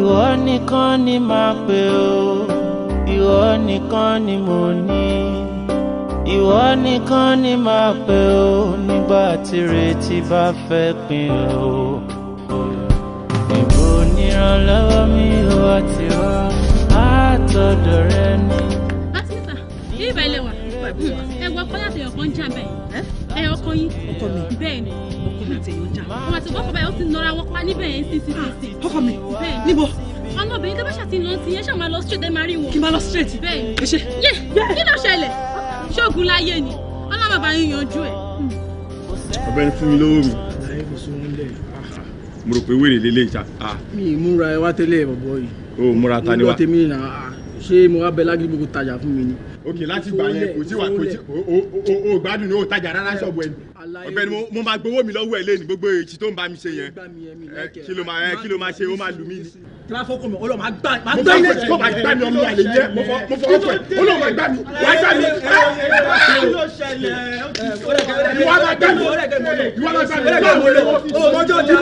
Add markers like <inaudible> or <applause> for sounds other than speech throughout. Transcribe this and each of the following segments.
ìwọ nìkan ni màá pè ó ìwọ nìkan ni mo ní ìwọ nìkan ni màá pè ó nígbà tìrètí bá fẹ́ pin ó ìbò nírànlọ́wọ́ mi ò àti wá àtọ̀dọ̀ rẹ ni. àti sà bí ìbá ilé wa ẹ wọ ọkọ láti ẹyọkan jábẹ ẹyọkan yín ọkọ mi bẹ́ẹ̀ ni àti èèyàn jà. àwọn àti ọkọ bàbá yóò ti nọra wọn pa níbẹ̀ yẹn sísí sísí. ọkọ mi níbo. ọ̀nà obìnrin tó bá ṣàti lọ sí yẹn ṣáà máa lọ straight ẹ máa rí wọn. kí n máa lọ straight. bẹ́ẹ̀ ni yé kí ló ṣẹlẹ̀ ṣóògùn láyé ni ọlọ́mọ bá yín yanjú ẹ̀. ọ̀gbẹ́ni fún mi lówó mi. mo rò pé wèrè lélẹ̀ ìjà. mi ì múra ẹ wá tẹ́lẹ̀ bọ̀bọ̀ yìí. o múra ta ni wa. mo lọ tèmi nà ṣé mo wá bẹ lágídí gbogbo tajà fún mi ni. ok láti gbà yẹn kò tí wà kò tí o gbádùn ní o tajà rárá ṣọ̀bù ẹ̀ ọ̀gbẹ́ni mo máa gbowó mi lọ́wọ́ ẹ lẹ́nu gbogbo èyí tó ń bá mi ṣe yẹn kí ló máa kí ló máa ṣe ó máa lù mí ni. tíráfọ́ kò mọ̀ ó lọ máa gbá máa gbá ilé kó mi ọmọ àlè yẹ mo fọ ọkọ ẹ ó lọ máa gbá mi wàá gbá mi. ìwà máa gbá mi ìwà máa gbá mi ìwà máa gbá mi o mọjọ ọjà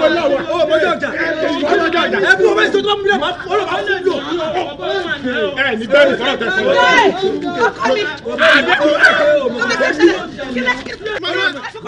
o mọjọ ọjà ìwà máa gbá ọjà ẹbí o bẹ sọ tó ń bí ọmọ ó lọ máa ẹ ní bẹ́ẹ̀ ni fọlọ́ tẹ fọlọ́. ọkọ mi ọkọ mi kí lẹ kí lẹ.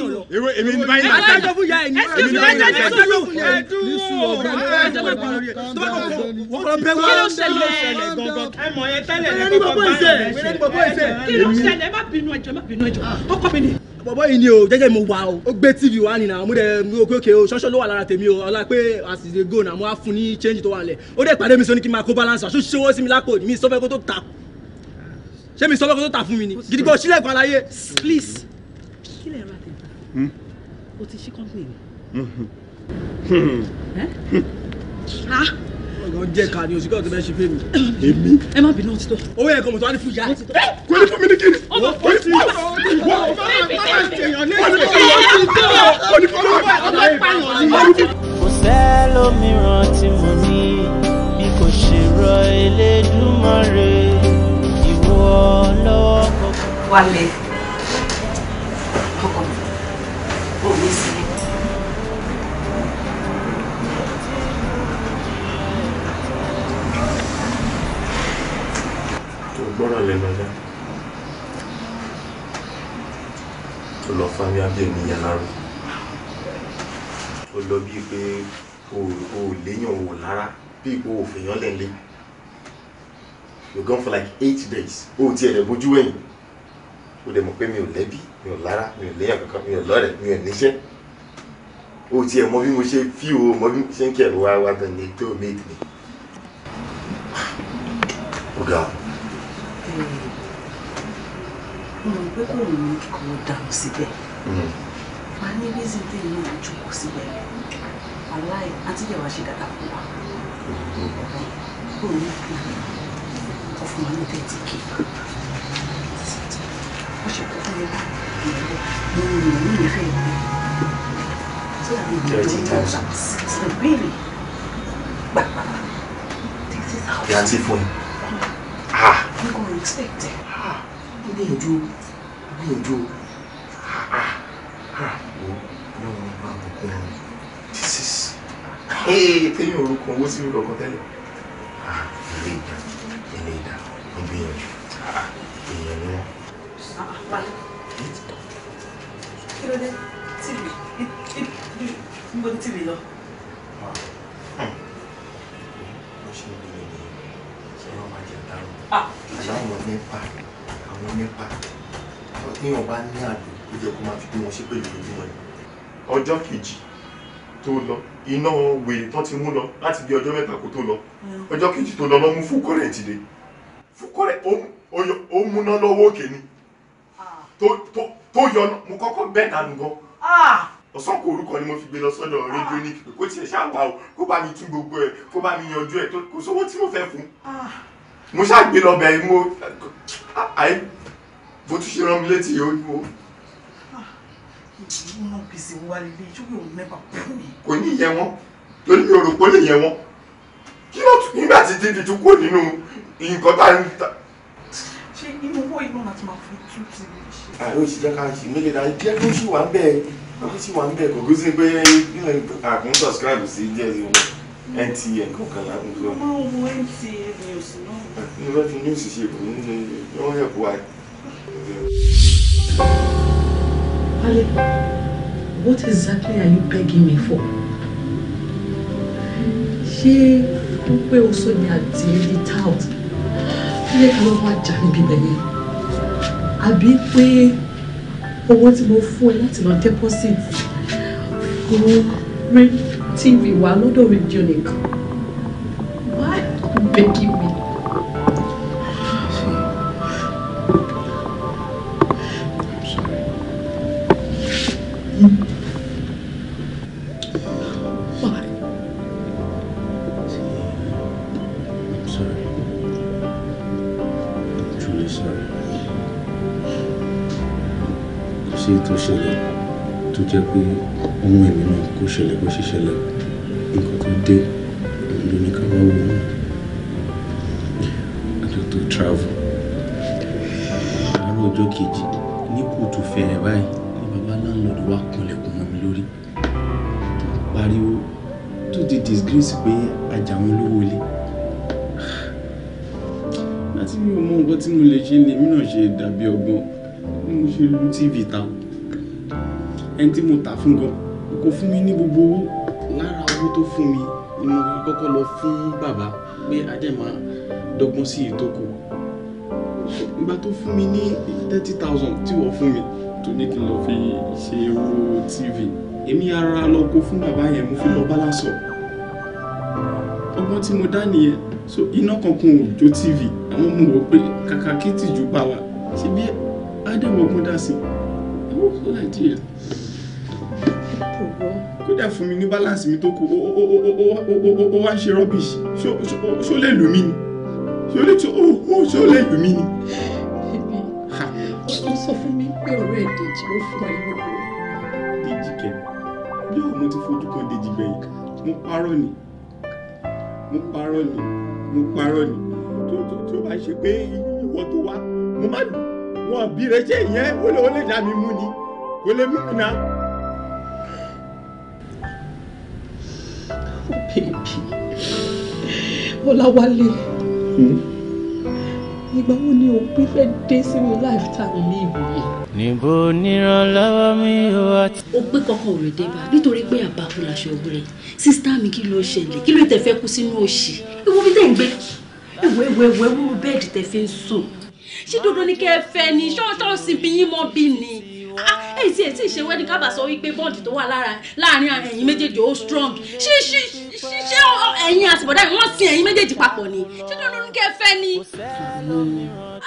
sọ̀rọ̀. èwe èmi ní báyìí. ẹ jọ èmi ní báyìí ẹ jọ fún ní sùúrù ọ̀rọ̀ ẹ ẹ bọ̀bọ̀ yìí ni o jẹ́jẹ́ mo wà o ó gbé tv wa nìyà mo dẹ̀ mi ò kéèké o ṣọ́ṣọ́ ló wà lára tèmi o ọlá pé as is a á fún ní change tó wà lẹ̀ ó dẹ̀ pàdé mi sọ ní kí n máa kó balance àṣù ṣọwọ́ sí mi lápò mi sọfẹ́ kó tó ta ṣé mi sọfẹ́ kó tó ta fún mi ni gidigbọ́ sílẹ̀ kan láyé please. Hmm? o ti ṣí company ni. Hmm. Hmm. Eh? Ah! ọ̀gá jẹ́ ká ni òsìkọ́ tó bẹ́ẹ̀ ṣe fẹ́mi. èmi. ẹ má bínú ọtí tó. owó yẹn mọ̀tò wá ní fún ìyá. Eh? kò ní fún mi ní kiri. ọmọ kò sí wọ́n wọ́n máa ṣèyàn lẹ́yìn. wọ́n ní fún mi ní kiri. kò sẹ́lómìíràn tí mo ní bí kò ṣe rọ Elédùmarè ìwọ lọ́wọ́ kọ̀ọ̀kan. wálé ọkọ mi òwe sílẹ̀. tó gbọ́ràn lẹ́nu ọjà tó lọ fáwọn abẹ́ mi yàn lárò tó lọ bíi pé o ò léyàn wò lára bíi pé o fèèyàn lẹ́lẹ́ you gone for like eight days o ò tiẹ̀ lẹ́ bójú wẹ̀yìn o dẹ̀ mọ̀ pé mi ò lẹ́bi mi ò lára mi ò léyà kankan mi ò lọ́rẹ̀ mi ò níṣẹ́ o tiẹ̀ mọ bí mo ṣe fí o mọ bí mo ṣe ń kẹ̀rù wa wa gan ni tó o méjì ni. ó ga ọ. mo rò pé kò ní kó dàrú síbẹ̀ hmm. wà á ní reason tẹ́ ìlú ìjókòó síbẹ̀ aláì àti ìyàwó ṣe dáadáa fún wa kò ní kí ọkùnrin ní tẹ́tí kí wọ́n ṣe kó fún mi. Thirty thousand. Really? Yanti fún. Ah. I'm going to expect it. Ah. Gbìyànjú. Gbìyànjú. Ah ah. Ah. No, no, no, no. This is. Hey, tell you orúkọ owó tí mi kankan tẹ́lẹ̀. Ah, ilé ìdá. Ilé ìdá. Mo Ah, èèyàn ni wọ́n. Ah, báyìí. Ah, kí ló dé tìrì níbo ni tìrì lọ. Ah. Hmm. mo ṣe ń bèrè ní ṣé wọn máa jẹ dárò aláwọ ah. nípa àwọn nípa téèyàn bá ní àdó ó jẹ kó máa fi bí wọn ṣe pẹ̀lú ojúmọ́ ni. ọjọ́ kejì tó lọ iná wèrè tán ti mú lọ láti bí ọjọ́ mẹ́ta kó tó lọ hmm. ọjọ́ kejì tó lọ lọ mú fún kọ́rẹ̀ ti dé fún kọ́rẹ̀ ó múná lọ́wọ́ òkè ni ah. tó tó yọ mo kọ́kọ́ bẹ́ẹ̀ dànù gan. Ah! ọ̀sán kò orúkọ ni mo fi gbé lọ sọ́dọ̀ rédíò ní pé kó tiẹ̀ ṣáà o kó bá mi tún gbogbo ẹ̀ kó bá mi yanjú ẹ̀ kò sówó tí mo fẹ́ fún. Ah! mo ṣáà gbé lọ bẹ́ẹ̀ mo àì bó tún ṣe rán mi létí yìí ó ní o. ìlú ah! náà gbèsè wálé ilé ìjókòó òun mẹ́fà fún mi. kò ní ìyẹn wọn torí mi ò rò pé ó lè yẹ wọn kí ló tún nígbà tí dídì tún kúrò nínú nǹkan tá a ń ta. ṣé inú owó iná láti máa fi tú ti rí àrùn òṣìṣẹ́ ká ṣì mílẹ̀ dáa jẹ́ kó ṣì wà ń bẹ̀ kó ṣì wà ń bẹ̀ kò kó sí pé nílẹ̀ àkùn subscribe sí díẹ̀ wọn NTA kankan là ń sọ. mo máa ń news náà. mo news ṣe kò wọ́n yẹ kó wa. Wale, what exactly are you begging me for? Ṣé wípé o sọ ni àdìrí tout? Ilé kan ló wá jà níbi bẹ̀yẹn àbí pé owó tí mo fún ẹ láti lọ deposit kò rí tv wà lọ́dọ̀ rédíò nìkan wá bẹ́ẹ̀ kí n jẹ́ pé ohun ẹ̀mí náà kò ṣẹlẹ̀ bó ṣe ṣẹlẹ̀ nǹkan tó dé ìlú ní ká wá wò àjọ tó travel àárọ̀ ọjọ́ kejì ní kùtù fẹ̀rẹ̀ báyìí ni bàbá láńlọ́ọ̀dù wá kanlẹ̀kùn mọ́ mi lórí pariwo tó ti disgrace pé ajá wọn lówó ilé láti mi ò mọ nǹkan tí mo lè ṣe lèmi náà ṣe dàbí ọgbọ́n mo ṣe lu tv ta ẹni tí mo tà fún gan kò fún mi ní gbogbo owó lára owó tó fún mi ni mo kọ́kọ́ lọ fún bàbá pé adẹ́mà dọ́gbọ́n sí ìtókò ìgbà tó fún mi ní thirty thousand tí wọ́n fún mi tó ní kí n lọ fi ṣe owó tv èmi ara lọ kó fún bàbá yẹn mo fi lọ bá láṣọ ọgbọ́n tí mo dá nìyẹn so iná kankan ò jó tv àwọn mo wò pé kàkà kí tìjú bá wa ṣe bí adẹ́wọ̀gbọ́n dá sí i ó sọ́dọ̀ díẹ̀ kò gbọ́. kódà fún mi ní balance mi tó kù ó wá ń ṣe rubbish ṣó lè lù mí ni ṣó lè ṣó lè lù mí ni. ó sọ fún mi pé ọ̀rẹ́ ìdèjì ló fún ẹ lóko. dèjì kẹ yóò mo ti fojú kan dèjì gbẹ̀yìn mo parọ́ ni mo parọ́ ni mo parọ́ ni tó bá ṣe pé ìwọ tó wá mo má dùn wọn bí rẹ ṣe yẹn ó lè dá mi mú ni kò lè mú mi náà. Ọláwálé hmm? ìgbà wo ni òun pín fẹ́ dé sínú lifetime ní ìwé yìí. níbo nírànlọ́wọ́ mi ò wá. ó gbé kankan òrè débà nítorí pé àbáfò làṣọ ògbìnrin sísítà mi kí ló ṣẹlẹ̀ kí ló tẹ̀ fẹ́ kú sínú òṣì ewu bí tẹ̀ ń gbé ewu ewu ewu ewu bẹ́ẹ̀dì tẹ̀ fi ń sùn ṣé dodo ni kẹ́ ẹ fẹ́ ni ṣọ́ọ̀ṣọ́ọ̀sì bí yín mọ́ bí ni èyí tí èyí tí kábà sọ wípé bọ́ọ̀dì tó wà láàárín strong ṣí ṣé ẹ̀yin àtìbọ̀dá mi wọ́n sin ẹ̀yin méjèèjì papọ̀ ni ṣé ní kẹ́ fẹ́ ni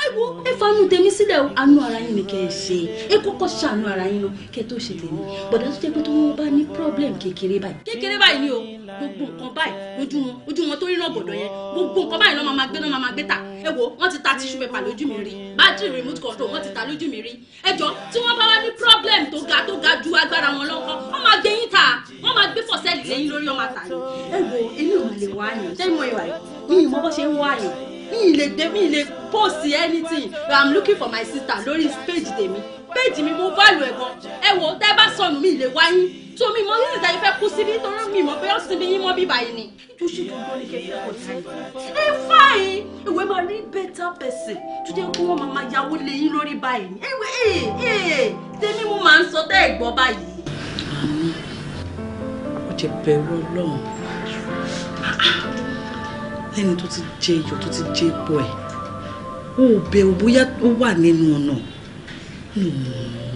àìwọ ẹ fanú tèmi sílẹ̀ o anu ara yín ni kẹ́ ẹ ṣe ẹ kọ́kọ́ ṣàánú ara yín lọ kẹ́ ẹ tó ṣe tèmi bọ̀dá tó jẹ́ pé tó wọ́n bá ní problem kékeré báyìí kékeré báyìí ni o gbogbo nǹkan báyìí lójú wọn ojú wọn tó ríran bọ̀dọ̀ yẹn gbogbo nǹkan báyìí lọ́ọ́ máa gbé lọ́ọ́ máa gbé tà ẹ wo wọ́n ti ta tissue paper lójú mi rí battery remote control wọ́n ti ta lójú mi rí ẹ jọ tí wọ́n bá wá ní problem tó ga tó ga ju agbára wọn lọ́kọ́ wọ́n máa gbé yín ta wọ́n máa gbé fọ̀sẹ́ẹ̀lì lẹ́yìn lórí ọmọ àtàlẹ́ ẹ wo èmi ò lè wá yẹn tẹ́lẹ̀ mọ́ ìwà yìí mi ì mọ́ ṣe ń wá yẹn mi ì lè dé mi ì lè post anything i'm looking for my sister lórí page tèmi page mi mo bá lu ẹ̀gbọ́n ẹ wò ó tẹ́ bá sọnù mi lè wáyé tó mi mọ nígbà yìí fẹ́ kú síbi nítorí mi mọ̀ pé ó sinmi yín mọ́ bí báyìí ni. ìjọ ṣe tó gbọ́ ní kẹ́kẹ́ kò sí. ẹ fáyín ìwé máa rí better person tó jẹ́ kó wọ́n máa yáwó lé yín lórí báyìí ni. ẹ̀wẹ̀ ẹ̀ ẹ̀ tèmi mo máa ń sọ tẹ́ ẹ̀ gbọ́ báyìí. àmì ó jẹ bẹ̀rù Ọlọ́run ah, ah. lẹ́ni tó ti jẹ iyọ̀ tó ti jẹ epo ẹ̀ o ò bẹ̀rù bóyá ó wà nínú ọ̀nà hmm.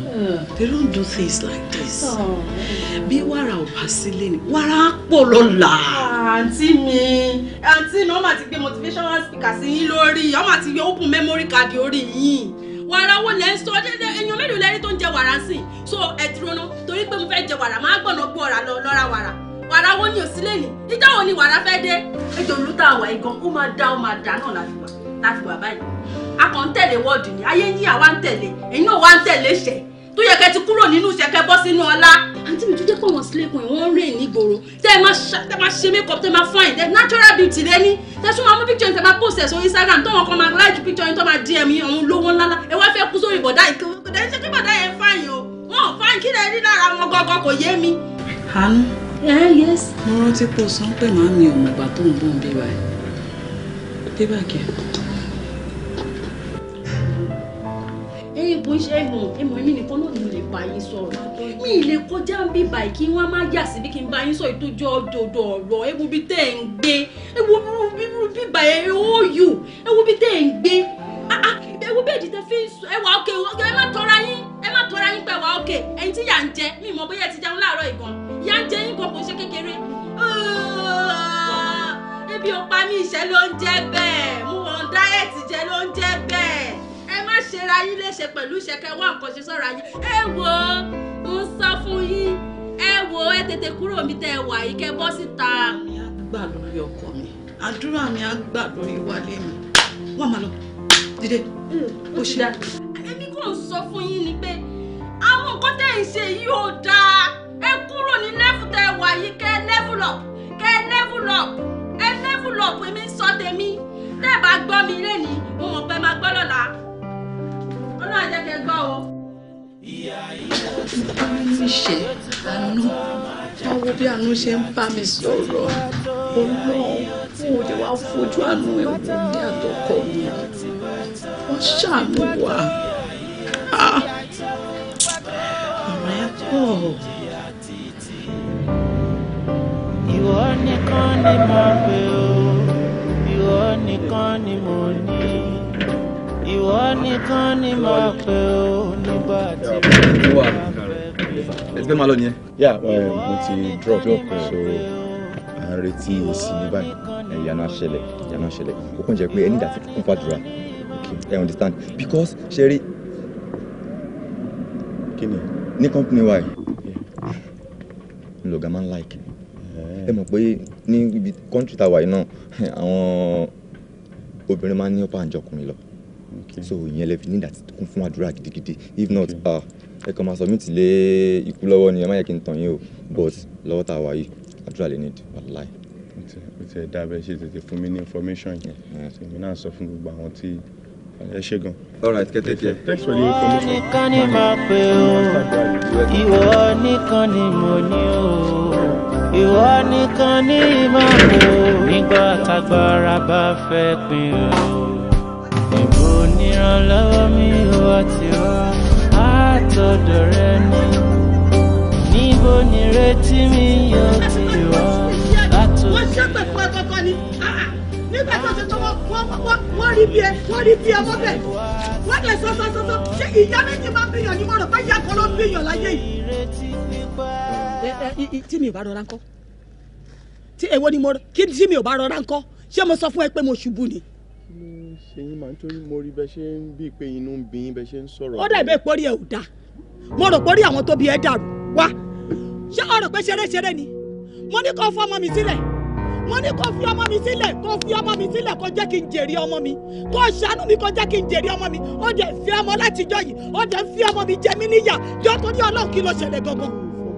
Hmm. they don't do things like this oh. bí wàrà ò bá sílé ni wàrà á pọ̀ lọ́la. Ah, àǹtí mi àǹtí mi wọ́n máa ti gbé motivational speaker sí yín lórí wọ́n máa ti gbé open memory card orí yín wàrà wo lẹ́ ń sọ déédéé èèyàn mélòó lẹ́rí tó ń jẹ wàrà sí so ẹ ti ronú torí pé mo fẹ́ jẹ wàrà máa gbọ̀nà gbọ́ ọ̀rà lọ́ra wàrà wàrà wo ni ò sílé yìí ìjà wo ni wàrà fẹ́ dé. ètò olùtàwà igan ó máa dá ó máa dá náà láti wà láti wà báyìí a kàn ń tẹ̀lé wọ́ọ̀dù ni ayé yín àwa ń tẹ̀lé ẹ̀yin náà wá ń tẹ̀lé ṣẹ̀ tó yẹ kẹ́ ti kúrò nínú iṣẹ́ kẹ́ bọ́ sínú ọlá. àǹtí mi tún jẹ́ kọ̀wọ̀n sílẹ̀kùn ìwọ̀n rìn nígboro tẹ́ ẹ máa ṣe makeup tẹ́ ẹ máa fine tẹ́ natural beauty lẹ́ni tẹ́ sún máa mú picture tẹ́ máa post ẹ̀ sórí Instagram tọ́wọ́n kan máa like picture yín tó máa DM yín ọ̀hún lówó ńlá ẹ wá fẹ́ kú sórí bọ̀dá ìkéwòkòdà ẹ ṣe kí bọ̀dá yẹn fine o wọn ò fine kí lẹ rí lára wọn gangan kò yé mi. àánú mo rántí pé o sọ pé màá mi ò mọ̀gbà tó ń bọ̀ ń bíbá ẹ̀ bíbá kẹ́ egbò iṣẹ́ ìmọ̀ ìmọ̀ èmi nìkan náà ni mo lè bá yín sọ̀rọ̀ mi ì lè kọjá ń bí báyìí kí wọ́n má yà sí bí kí n bá yín sọ ìtọ́jú ọ̀dọ̀dọ̀ ọ̀rọ̀ ewu bí tẹ́ ẹ̀ ń gbé ewu bí báyìí ó yù ewu bí tẹ́ ẹ̀ ń gbé ewu bí èdè tẹ́ fi ẹ wà ókè ẹ má tọ́ra yín ẹ má tọ́ra yín pé wà ókè ẹ̀yin tí yà ń jẹ mi mọ̀ bóyá ẹ ti jẹun láàárọ̀ ìkan yà ń jẹ yín kan kò ṣe kékeré ebi ọ̀pá mi ìṣẹ́ ló ń jẹ́ bẹ́ẹ̀ mo wọ̀n dáẹ́tì jẹ́ ló ń jẹ́ bẹ́ẹ̀ ẹ má ṣe ra yín léṣe pẹ̀lú ìṣẹ̀kẹ́ wá nǹkan ṣe sọ́ra yín ẹ wo ń sọ fún yín ẹ wo ẹ tètè kúrò mi tẹ ẹ wà yìí kẹ bọ́ síta. mi á gbà lórí ọkọ mi àdúrà mi á gbà lórí wálé mi wà má lọ dìde mm, ó ṣe. èmi kò ń sọ fún yín ni pé àwọn nǹkan tẹ̀ ń ṣe yìí ò dáa ẹ kúrò ní lẹ́fù tẹ ẹ wà yìí kẹ level up kẹ level up ẹ level up èmi ń sọ tèmi tẹ́ ẹ bá gbọ́ mi lẹ́ni mo mọ̀ pé máa gbọ́ lọ́la náà jẹ́ kí n gbọ́ o. níṣẹ́ àánú báwo bí àánú ṣe ń bá mi sọ̀rọ̀ ọlọ́run fún òde wa fojú àánú ẹ̀ wò ní àtọkọ mi wọ́n ṣàánú wa. ọ̀rọ̀ ah. ẹ pọ̀. ìwọ nìkan ni mo gbé. nìkan ni Malone, yeah. Yeah, nígbà tí mo bá fẹ́ pé o. ẹ ti fẹ́ máa lọ nìyẹn. yà um, mo ti drop drop so à ń retí èsì ní báyìí ìyanu àṣẹlẹ̀ ìyanu àṣẹlẹ̀ okay I understand because Sherry, rí ni company wa yìí lọ̀gá máa ń like ẹ mọ̀ pé ní country tá a wà yìí náà <laughs> àwọn obìnrin máa ń ní ọ̀pá Mm. so ìyẹn lè fi ní ìdàtí kún fún àdúrà gidigidi if not ah, ẹ kàn máa submit lé ikú lọ́wọ́ ni ẹ má yẹ kí n tàn yín o but lọ́wọ́ tá a wà yìí àdúrà lè ní wàláì. o ti ẹ̀ dá abẹ́ ṣe tètè fún mi ní information yẹn èmi náà sọ fún gbogbo àwọn tí ẹ ṣe gan. all right kẹ́tẹ́ kẹ́. thanks for the information. ìwọ nìkan ni máa pè ó ìwọ nìkan ni mo ní o ìwọ nìkan ni máa pè ó nígbà tágbára bá fẹ́ pín o ìrànlọ́wọ́ mi wá ti wá àtọ̀dọ̀ rẹ ni níbo ni retí mi yóò ti wá látòkè. wọ́n ṣẹ́pẹ̀ fún ẹ ni ah, ah. nígbà tó ṣe tó wọ́n rí bí ẹ wọ́n rí bí ẹ wọ́n bẹ̀ wọ́n dẹ̀ sọ sọ sọ sọ ṣé ìyá méjì máa ń bíyàn ní mọ̀rọ̀ bá yà kọ́ ló bíyàn láyé yìí. tí mi ò bá rọra ńkọ́ tí èwo ni mo kí tí mi ò bá rọra ńkọ́ ṣé mo sọ fún ẹ pé mo ṣubú ni ṣe yín máa ń torí mo rí bẹ ṣe ń bíi pé inú ń bí yín bẹ ṣe ń sọ̀rọ̀. ó dà bẹ́ẹ̀ pórí ẹ̀ ò dáa mo rò pórí àwọn tó bí dàrú wá ṣé o rò pé ṣeré-ṣeré ni mo ní kó fún ọmọ mi sílẹ̀ mo ní kó fi ọmọ mi sílẹ̀ kó fi ọmọ mi sílẹ̀ kó jẹ́ kí n jèrè ọmọ mi kó ṣàánú mi kó jẹ́ kí n jèrè ọmọ mi ó dẹ̀ fi ọmọ látijọ́ yìí ó dẹ̀ fi ọmọ mi jẹ mí níyà jọ́ torí ọlọ́run kí ló ṣẹlẹ̀ gangan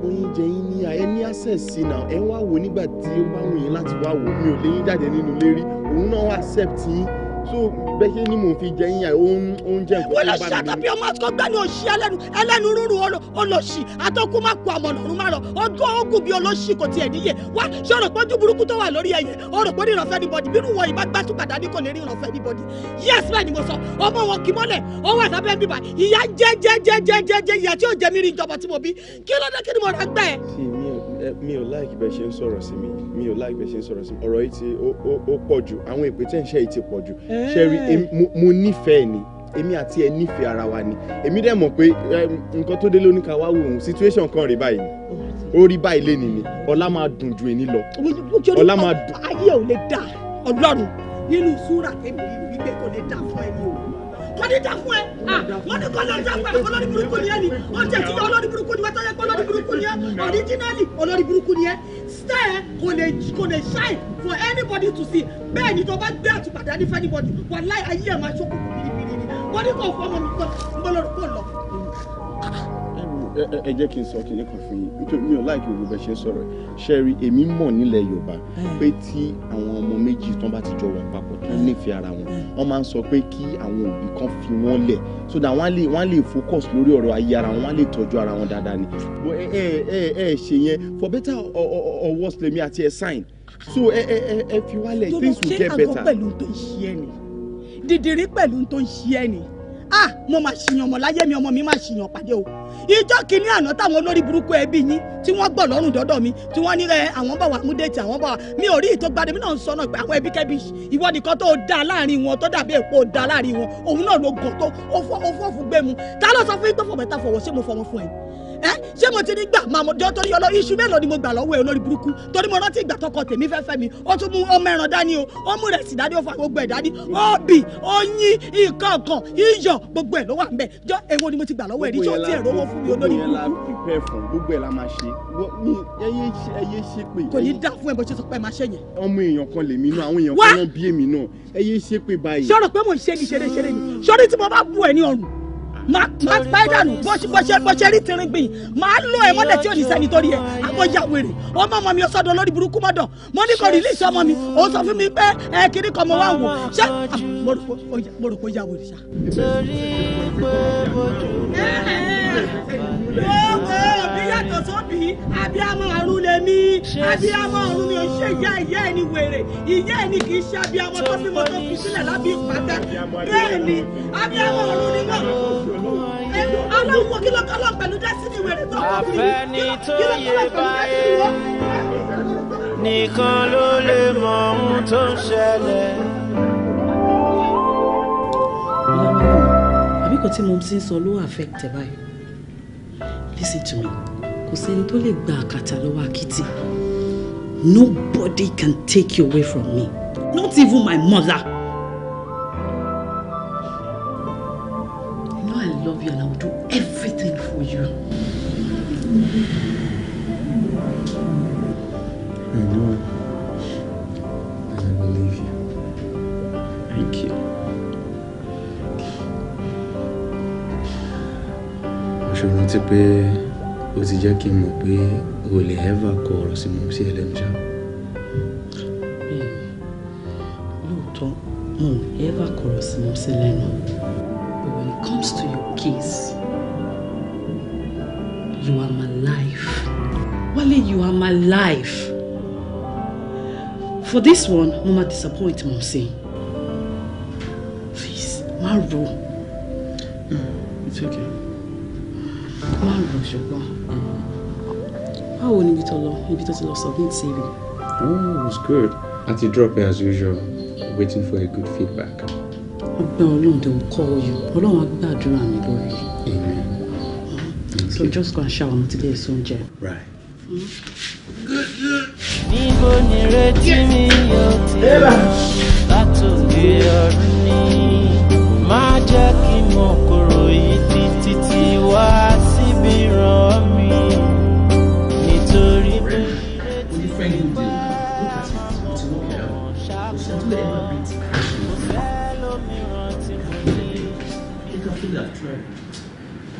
oyún jẹ yín ní ẹ ní access náà ẹ wá wò nígbà tí ó bá wù yín láti wá wò mí ò lè yín jáde nínú ilé òun náà accept yín so bẹ́sẹ̀ ni mò ń fi jẹ yín yà oúnjẹ nǹkan tó bá mi. wọ́n lọ ṣe àtàbí ọmọ àti ọgbẹ́ni òṣì ẹlẹ́nu ẹlẹ́nu rúru olóṣì àtọkùn má kú àmọ̀nà ọ̀run má rọ ọjọ́ ogun bíi olóṣì kò tiẹ̀ níyè wá ṣé ọ̀rọ̀ pọ́njú burúkú tó wà lórí ẹ̀yẹ ọ̀rọ̀ pọ́njú ìrànfẹ́ ní bọ́dì bínú wọn ìbá gbásù padà ní kò lè rí ìrànfẹ́ ní bọ́dì yes bẹ́ẹ̀ ni mo sọ ọmọ wọn kì mọ́lẹ̀ ọwọ́ àtàbẹ́ bíbá ìyá jẹ́jẹ́jẹ́jẹ́jẹ́ ìyá tí ò jẹ́ mi rí ìjọba tí mo bí kí ló dé kí ni mo rà gbẹ́ ẹ̀ mi ò láìkí bẹ́ẹ̀ ṣe ń sọ̀rọ̀ sí mi mi ò láìkí bẹ́ẹ̀ ṣe ń sọ̀rọ̀ sí mi ọ̀rọ̀ yìí ti ó pọ̀ jù àwọn èpè tẹ̀ ń ṣe yìí ti pọ̀ jù ṣe rí mo nífẹ̀ẹ́ ni èmi àti ẹ nífẹ̀ẹ́ ara wa ni èmi dẹ̀ mọ̀ pé nǹkan tó dé lóní ká wá wò ó situation kan rí báyìí ó rí báyìí lé nìyí ọlá máa dùn ju èní lọ ọlá máa dùn. ayé ò lè dà ọlọ́run nínú súrà tèmi ìgbẹ́ kò lè dà fún ẹni òun wọ́n ní jà fún ẹ ah. Ah, wọ́n ní kọ́ lọ́dún àgbà kọ́ lórí burúkú ni ẹ ni ọjà títà olórí burúkú ni wọ́n tọ́jà kọ́ lórí burúkú ni ẹ ọ̀ríjínálì olórí burúkú ni ẹ stare kò lè kò lè shine for anybody to see bẹ́ẹ̀ ni tó bá gbé àtùpàdé ní fẹ́nibọ́dì wàláì ayé ẹ̀ máa ṣókùnkùn bìrìbìrì ni wọ́n ní kò fọ́ ọmọ mi kọ́ ń bọ́ lọ́rùn kò lọ ẹ jẹ́ kí n sọ kinní kan fún yín nítorí mi ò láìkí gbogbo bẹ́ẹ̀ ṣe sọ̀rọ̀ ṣe rí èmi mọ̀ nílẹ̀ yorùbá pé tí àwọn ọmọ méjì tán bá ti jọ wà papọ̀ tó nífẹ̀ẹ́ ara wọn wọ́n máa ń sọ pé kí àwọn òbí kan fi wọ́n lẹ̀ so that wọ́n lè wọ́n lè focus lórí ọ̀rọ̀ ayé ara wọn wọ́n lè tọ́jú ara wọn dáadáa ni but ẹ ẹ ẹ ẹ ṣe yẹn for better or, or worse lèmi àti ẹ sign so ẹ ẹ ẹ ẹ fi wálẹ̀ things will get better. yorùbá ṣé àgọ́ pẹ̀lú tó ń ṣe ẹ pẹ̀lú tó ń ṣe ẹ ah mo mà ṣìyàn mọ̀ láyé mi ọmọ mi mà ṣìyàn pàdé o ìjọ kìíní àná táwọn olórí burúkú ẹbí yín tí wọ́n gbọ́ lọ́rùn dọ́dọ̀ mi tí wọ́n ní rẹ eh, àwọn bá wà mú àwọn bá wà mi ò rí ìtò gbadé mi náà ń sọ náà pé àwọn ẹbí kẹ́bí ìwọ nìkan tó da láàrin wọn tó dàbí èpo da láàrin wọn òun náà ló gàn tó ó fọ́ fún gbé ta ló sọ fún yín tó fọwọ́ ta fọwọ́ ṣé mo fọwọ́ fún ẹ ẹ ṣé mo ti ní gbà máa mo jọ torí ọlọ iṣu mélòó ni mo gbà lọ́wọ́ ẹ olórí burúkú torí mo rántí ìgbà tọkọ tèmi fẹ́ mi ó tún mú ọmọ ẹran dání o ó mú rẹ̀ sì dání ó fa gbogbo ẹ̀ dání ó bì ó yín ìkọ̀ọ̀kan iyọ̀ gbogbo ẹ̀ ló wà nbẹ̀ jọ èwo ni mo ti gbà lọ́wọ́ ẹ ní tí ó rówó fún mi olórí burúkú. gbogbo ẹ̀ la máa ṣe ẹyẹ ṣe pé. kò ní dá fún ẹ bó ṣe sọ pé máa ṣe yẹn. ọmọ èèyàn kan lèmi náà àwọn èèyàn kan náà bí èmi náà ẹyẹ ṣe pé báyìí. sọ̀rọ̀ pé mo ṣe ni ṣeré ṣeré ni sọ́rí tí mo bá bù ẹ ní ọrùn máa máa pa ẹ́ dànù bọ́ṣẹ́ bọ́ṣẹ́ rí tìrìngbìn máa lọ ẹ̀ mọ́lẹ̀ tí ò ní sẹ́ni torí ẹ̀ àwọn ìyá wèrè ọmọ ọmọ mi ọsọdọ lórí burúkú mọ́dọ̀ mo ní kò rìlíìsì ọmọ mi ó sọ fún mi pé ẹ kiri kọ́ mo wá wò ṣé ah, mo rò pé ìyá wèrè ṣá. gbogbo òbí yàtọ̀ sóbì abiyamọ ọ̀run lèmi abiyamọ ọ̀run mi ò ṣe ìyá ìyá ẹni wèrè ìyá ẹni kì í ṣe abiyamọ tó bímọ tó fi sílẹ̀ lábí ìpàtẹ bẹ́ẹ̀ ni abiyamọ ọ̀run ni náà aláwọ̀ kí ló kọ́lọ́ pẹ̀lú destiny wẹ̀rẹ̀ tó kọ́ mi àfẹ́ni tó yé báyé nìkan ló lè mọ ohun tó ń ṣẹlẹ̀. àbí kò tí mo ti ń sọ ló affect báyìí listen to me kò sẹ́ni tó lè gba àkàtà lọ́wọ́ akitì nobody can take you away from me not even my mother. love you and I will do everything for you. I know. And I believe you. Thank you. Mo ṣe rántí pé o ti jẹ́ kí n mọ̀ pé o lè ever kọ ọ̀rọ̀ sí mo sí ẹlẹ́nu ṣá. Lóòótọ́, mo ò ever kọ ọ̀rọ̀ sí mo sí lẹ́nu. But when it comes to you kiss. You are my life. Wale, you are my life. For this one, Mama ma disappoint Momsi. Please, Maru. Mm, it's okay. Maru, ṣùgbọ́n. How ni ibi tó lọ? Ibi little ti lọ submit CV. Oh, it's good. At the drop as usual, waiting for a good feedback ọgbẹ́ ọlọ́run tó ń kọ́ ọyọ ọlọ́run á gbàdúrà mi lórí ẹ̀ so just go and shower mo ti lè so oúnjẹ. níbo ni retí mi yóò ti látòdì ọdún ní má jẹ́ kí mo kúrò yìí títí wá síbi ràn should have tried.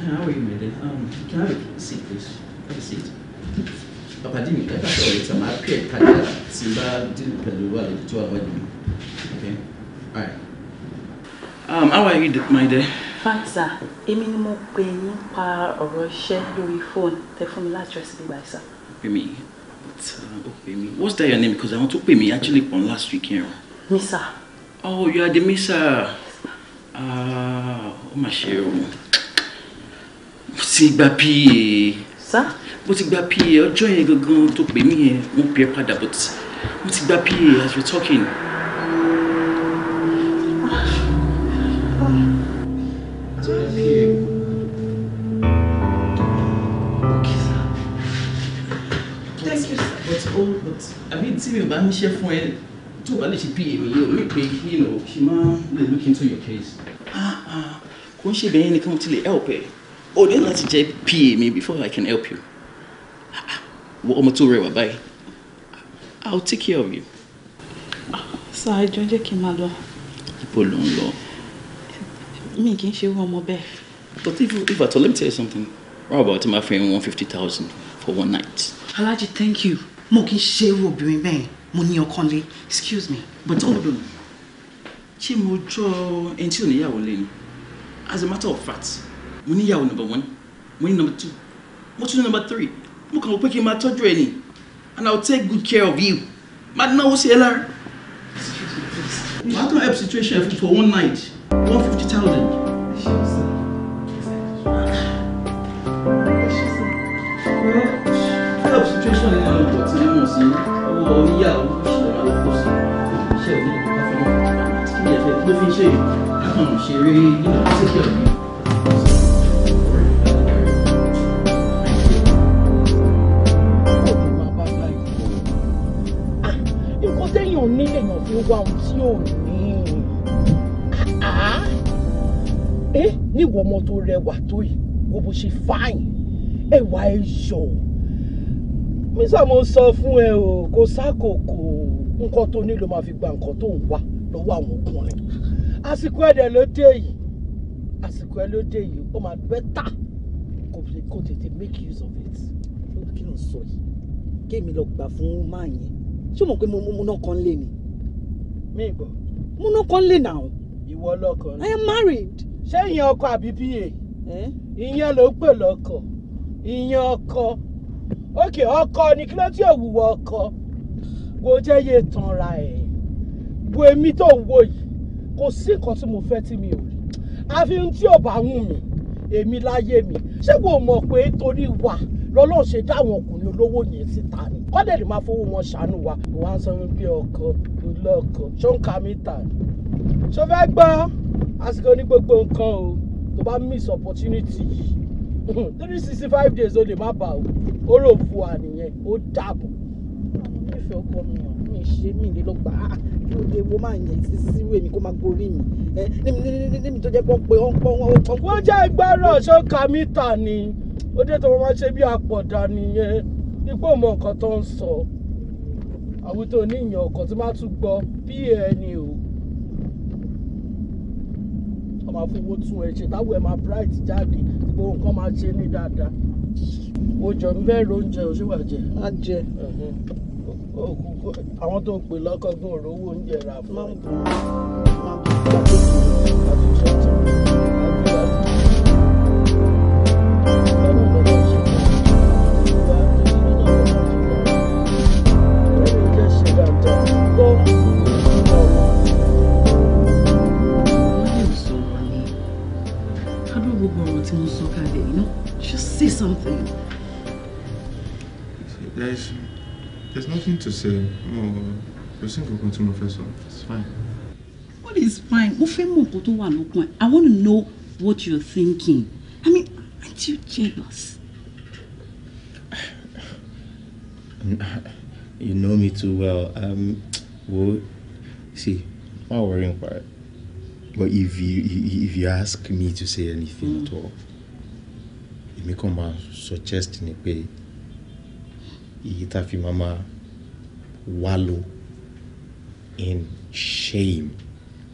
How are you, my dear? Um, can I have a seat, please? Have a seat. Papa Dini, ẹ káṣọ ọ̀rẹ́ tí a máa pè kájà tí n bá dín pẹ̀lú àlejò tó wà wájú Okay, all right. Um, how are you, my dear? Fine, sir. Èmi ni mo pè yín pa ọ̀rọ̀ iṣẹ́ lórí fóònù tẹ fún mi láti rẹ́sì gbígbà ìsà. Pè mí, but ó uh, pè mí. What's that your name? Because I want to pay me actually on last weekend. yẹn. Misa. Oh, you are the Misa. Ah, ó mà ṣe o mo ti gba pa. sá. mo ti gba pa ọjọ́ yẹn gangan tó pè mí yẹn mo pè é padà but mo ti gba pa as we Thank you, sir. But, all? Oh, but, I mean, tí mi ò bá ń ṣe fún tó bá lè ṣe bí èmi yìí o mi you know she ma lè look into your case. Ah, ah, kò ń ṣe bẹ́ẹ̀ yẹn nìkan mo ti lè help ẹ o ní láti jẹ́ pa mi before I can help you ah, wọ ọmọ tó rẹwà báyìí I will take care of you. sọ àìjọ jẹ́ kí n máa lọ. ibo ló ń lọ. mi kì í ṣe irú ọmọ bẹ́ẹ̀. but if if at all let me tell you something how about my friend one fifty thousand for one night. Alhaji thank you mo kì í ṣe irú obìnrin bẹ́ẹ̀ mo ní ọkàn lé excuse me but hold on ṣé mo jọ ẹni tí ò níyàwó lẹ́yìn as a matter of fact mo níyàwó number one mo ní number two mo tún ní number three mo kàn wọ́n pé kí n máa tọ́jú ẹ ni and i will take good care of you máa náwó sí ẹ lára. What help situation for one night? One fifty 150,000. Help situation in sí ọwọ́ yíyá oríṣiríṣi ọ̀rọ̀ pọ̀ sí iṣẹ́ òní káfíńtì kí ni ẹ̀fẹ̀ ló fi ṣe ṣeré nínú síkẹ̀ òní. nǹkan téèyàn ní lèèyàn fi wá ohun tí ò ní ẹ níwọ ọmọ tó rẹwà tó yìí wo bó ṣe fáyìn ẹwà ẹ yọ mi sá mo sọ fún ẹ o kò sákòókò nǹkan tó ní ló máa fi gba nǹkan tó ń wá lọ́wọ́ àwọn ọkùnrin àsìkò ẹ̀dẹ̀ ló dé yìí àsìkò ẹ̀ ló dé yìí ó máa bẹ́tà kò tètè make use of it. kí ló ń sọ yìí kéèmí lọ gbà fún máa yẹn ṣé o mọ̀ pé mo múná kan lé ni. mi gbọ́. múná kan lé nà ìwọ lọkọ ni. I am married. ṣé ìyẹn ọkọ àbí pa eh? ìyẹn ló pè lọkọ ìyẹn ọkọ òkè ọkọ ni kí ló tí ò wúwo ọkọ kò jẹ́ yé tanra ẹ̀ bu èmi tó ń wò yìí kò sí nǹkan tí mo fẹ́ tí mi ò rí àfi ohun tí ò bá wù mí èmi láyé mi ṣé kò mọ̀ pé torí wà lọ́lọ́run ṣe dá àwọn ọkùnrin olówó yẹn síta ni kọ́dẹ̀ lè máa fowó wọn ṣàánú wa wà á sọ wípé ọkọ olóòkọ ṣó ń ka mí gbọ́ àsìkò ní gbogbo nǹkan o tó bá miss opportunity yìí three sixty five days ó lè má bà ó ó rò fún wa nìyẹn ó dàbọ̀ nífẹ̀ẹ́ ọkọ mi hàn mi ṣe mí lè lọ gbà á kí ó lè wo máa yẹn sí síwé mi kó máa gorí mi ẹ níbi tó jẹ́ pé wọ́n pe wọ́n pọ́n wọ́n pọ́n. wọ́n jẹ́ ìgbárò ṣọ́ka mítà ni ó dé tó wọ́n máa ṣe bí àpọ̀dà nìyẹn ipò mọ nǹkan tó ń sọ àwùjọ oníyàn ọkọ̀ tí má tún gbọ́ pa ni o wọ́n máa fowó tún ẹ ṣe táwọn ẹ máa bright jáde gbogbo nǹkan máa ṣe ní dáadáa. ó jọ ń bẹ́ẹ̀ ló ń jẹ òṣùwà jẹ. á jẹ. àwọn tó pè lọ́kọ̀ọ́gbọ̀n òrówó oúnjẹ rà fún ẹ. tí mo sọ kalẹ̀ you know just say something. There's, there's nothing to say mo oh, kò sí nǹkan kan tí mo fẹ́ sọ it's fine. what is fine mo fẹ́ mọ̀ nǹkan tó wà lọ́kàn ẹ̀ i want to know what you're thinking i mean aren't you jealous. you know me too well um, wo see má worrying about it. But if you if you ask me to say anything mm. at all, may come and suggest in a fi máa mama wallow in shame,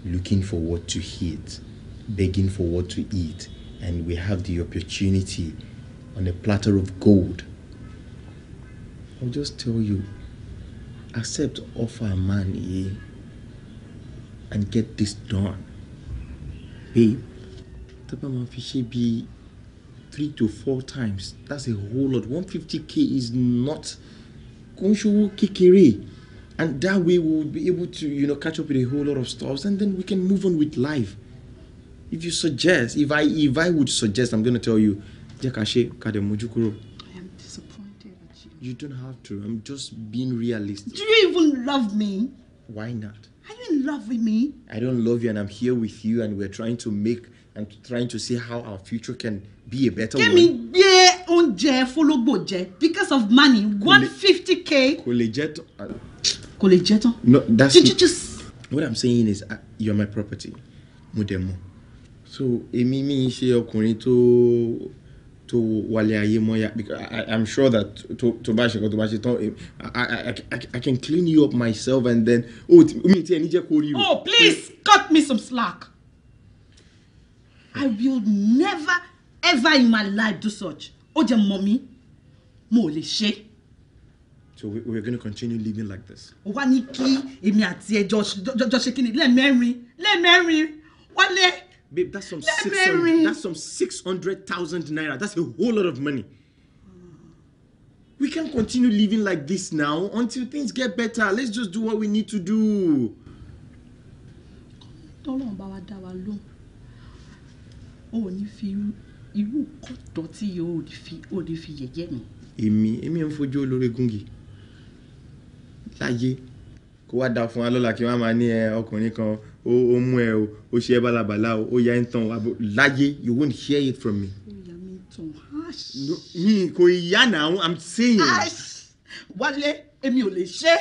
looking for what to eat, begging for what to eat, and we have the opportunity on a platter of gold. I'll just tell you, accept offer a man and get this done. pé tó bá máa fi ṣe bí three to four times that's a whole lot one fifty k is not kò ń ṣòwò kékeré and that way we will be able to you know, catch up with a whole lot of stuff and then we can move on with life if you suggest if I if I would suggest I'm gonna tell you jẹ́ ká ṣe ká dẹ̀ mójú kúrò. You don't have to. I'm just being realistic. Do you even love me? Why not? Are you in love with me? I don't love you, and I'm here with you, and we're trying to make and trying to see how our future can be a better Kemi one. Kẹ́mi gbé oúnjẹ fọlọ́gbò jẹ because of money one fifty k. Kò lè jẹ́ tán. No, that's Did You just... What I'm saying is uh, you're my property. Mo dẹ̀ So èmi me, ń ṣe ọkùnrin tó wálé ayé mọ́yà I I'm sure that to to bash it tó bá ṣe tán I I can clean you up myself and then oh me ti ẹni call you? oh please cut me some slack I will never ever in my life do such ó jẹ́ mọ̀ mi mo ò lè so we, we're gonna continue living like this. ó wá ní kí èmi àti ẹ jọ ṣe Mary, ni Mary, lẹ́ẹ̀mẹ́rin wálé. Babe, that's some six 600, that's some 600,000 naira. That's a whole lot of money. We can't continue living like this now until things get better. Let's just do what we need to do. Tọ́lọ́run bá wa dá wa lóhùn. O ò ní fi irú kọ́tọ́ tí yóò fi ó lè fi yẹ̀yẹ́ mi. Èmi èmi ń fojú olóore gúngi. Láyé kó wá dáa fún wa lọ́la kí wọ́n máa ní ọkùnrin kan o mú ẹ o o ṣe ẹ balabala o o ya ẹ tán o láyé you won't hear it from me. mi kò yá na i'm saying. wálé èmi ò lè ṣe.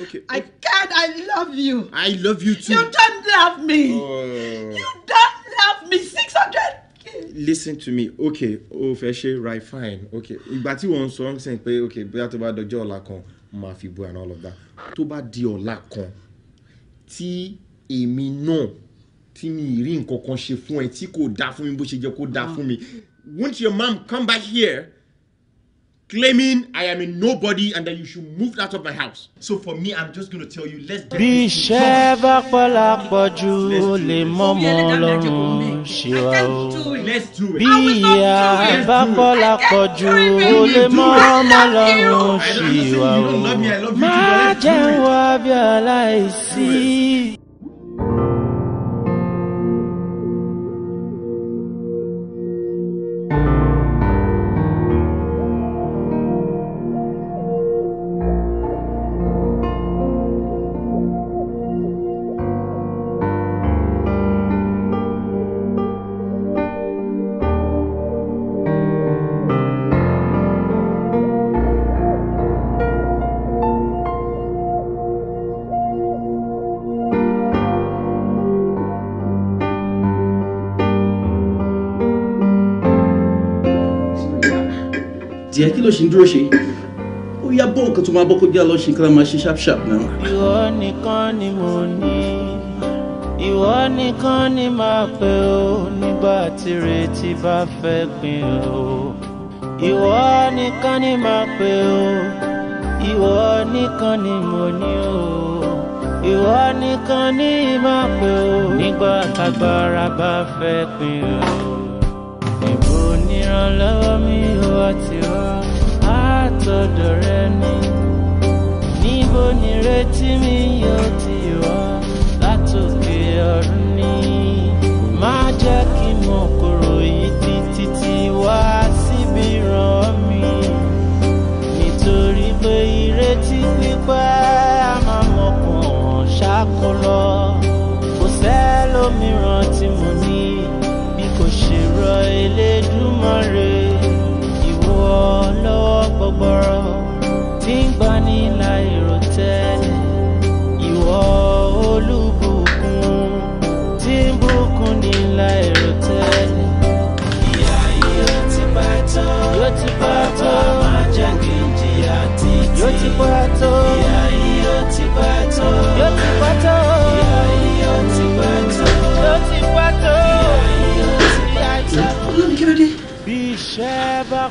Okay, I can't. I love you. I love you too. You don't love me. Oh. You don't love me. Six hundred listen to me okay o fẹ́ ṣe right fine okay ìgbà tí wọ́n sọ ṣe pé okay bóyá tó bá dọjọ́ ọ̀la kan máa fi bu and all of that tó bá di ọ̀la kan tí èmi náà tí mi rí nǹkan kan ṣe fún ẹ tí kò dáa fún mi bó ṣe jẹ́ kó dáa fún mi won't your mom come back here claiming I am a nobody and that you should move out of my house. So for me, I'm just gonna tell you, let's get Bí iṣẹ́ bá pọ́lá pọ̀jù lè mọ́mọ́ lọ́rùn ṣe o. Bí ìyá bá pọ́lá pọ̀jù lè mọ́mọ́ lọ́rùn ṣe o. Má jẹ́ wá bí aláìsí. Thank you. tiẹ̀ kí ló ṣe ń dúró ṣe ó yá bọ́ nǹkan tó máa bọ́ kó lọ ṣe nǹkan máa ṣe sharp sharp náà. ìwọ nìkan ni mo ní ìwọ nìkan ni máa pè ó nígbà tí retí bá fẹ́ pin ó ìwọ nìkan ni máa pè ó ìwọ nìkan ni mo ní ó ìwọ nìkan ni máa pè ó nígbà tágbára bá fẹ́ pin ó ìbò nírànlọ́wọ́ mi ó àti tọ̀dọ̀ rẹ ni níbo nírètí mi yóò ti wá látòkè ọ̀run ni má jẹ́ kí mo kúrò yìí títí tí wá síbi ràn mí nítorí pé ìrètí pípẹ́ a máa mọ̀kàn ṣáko lọ kò sẹ́lómìíràn tí mo ní bí kò ṣe rọ Elédùmarè ìwọ lọ́wọ́ gbọ́rọ̀ tí ń gbọ́ ní láìrò tẹ́lẹ̀ ìwọ olùbùkún tí ń bùkún ní láìrò tẹ́lẹ̀. ìyà yóò ti bá tó yóò ti bá tó máa jẹ́ kí n jìyà títí yóò ti bá tó.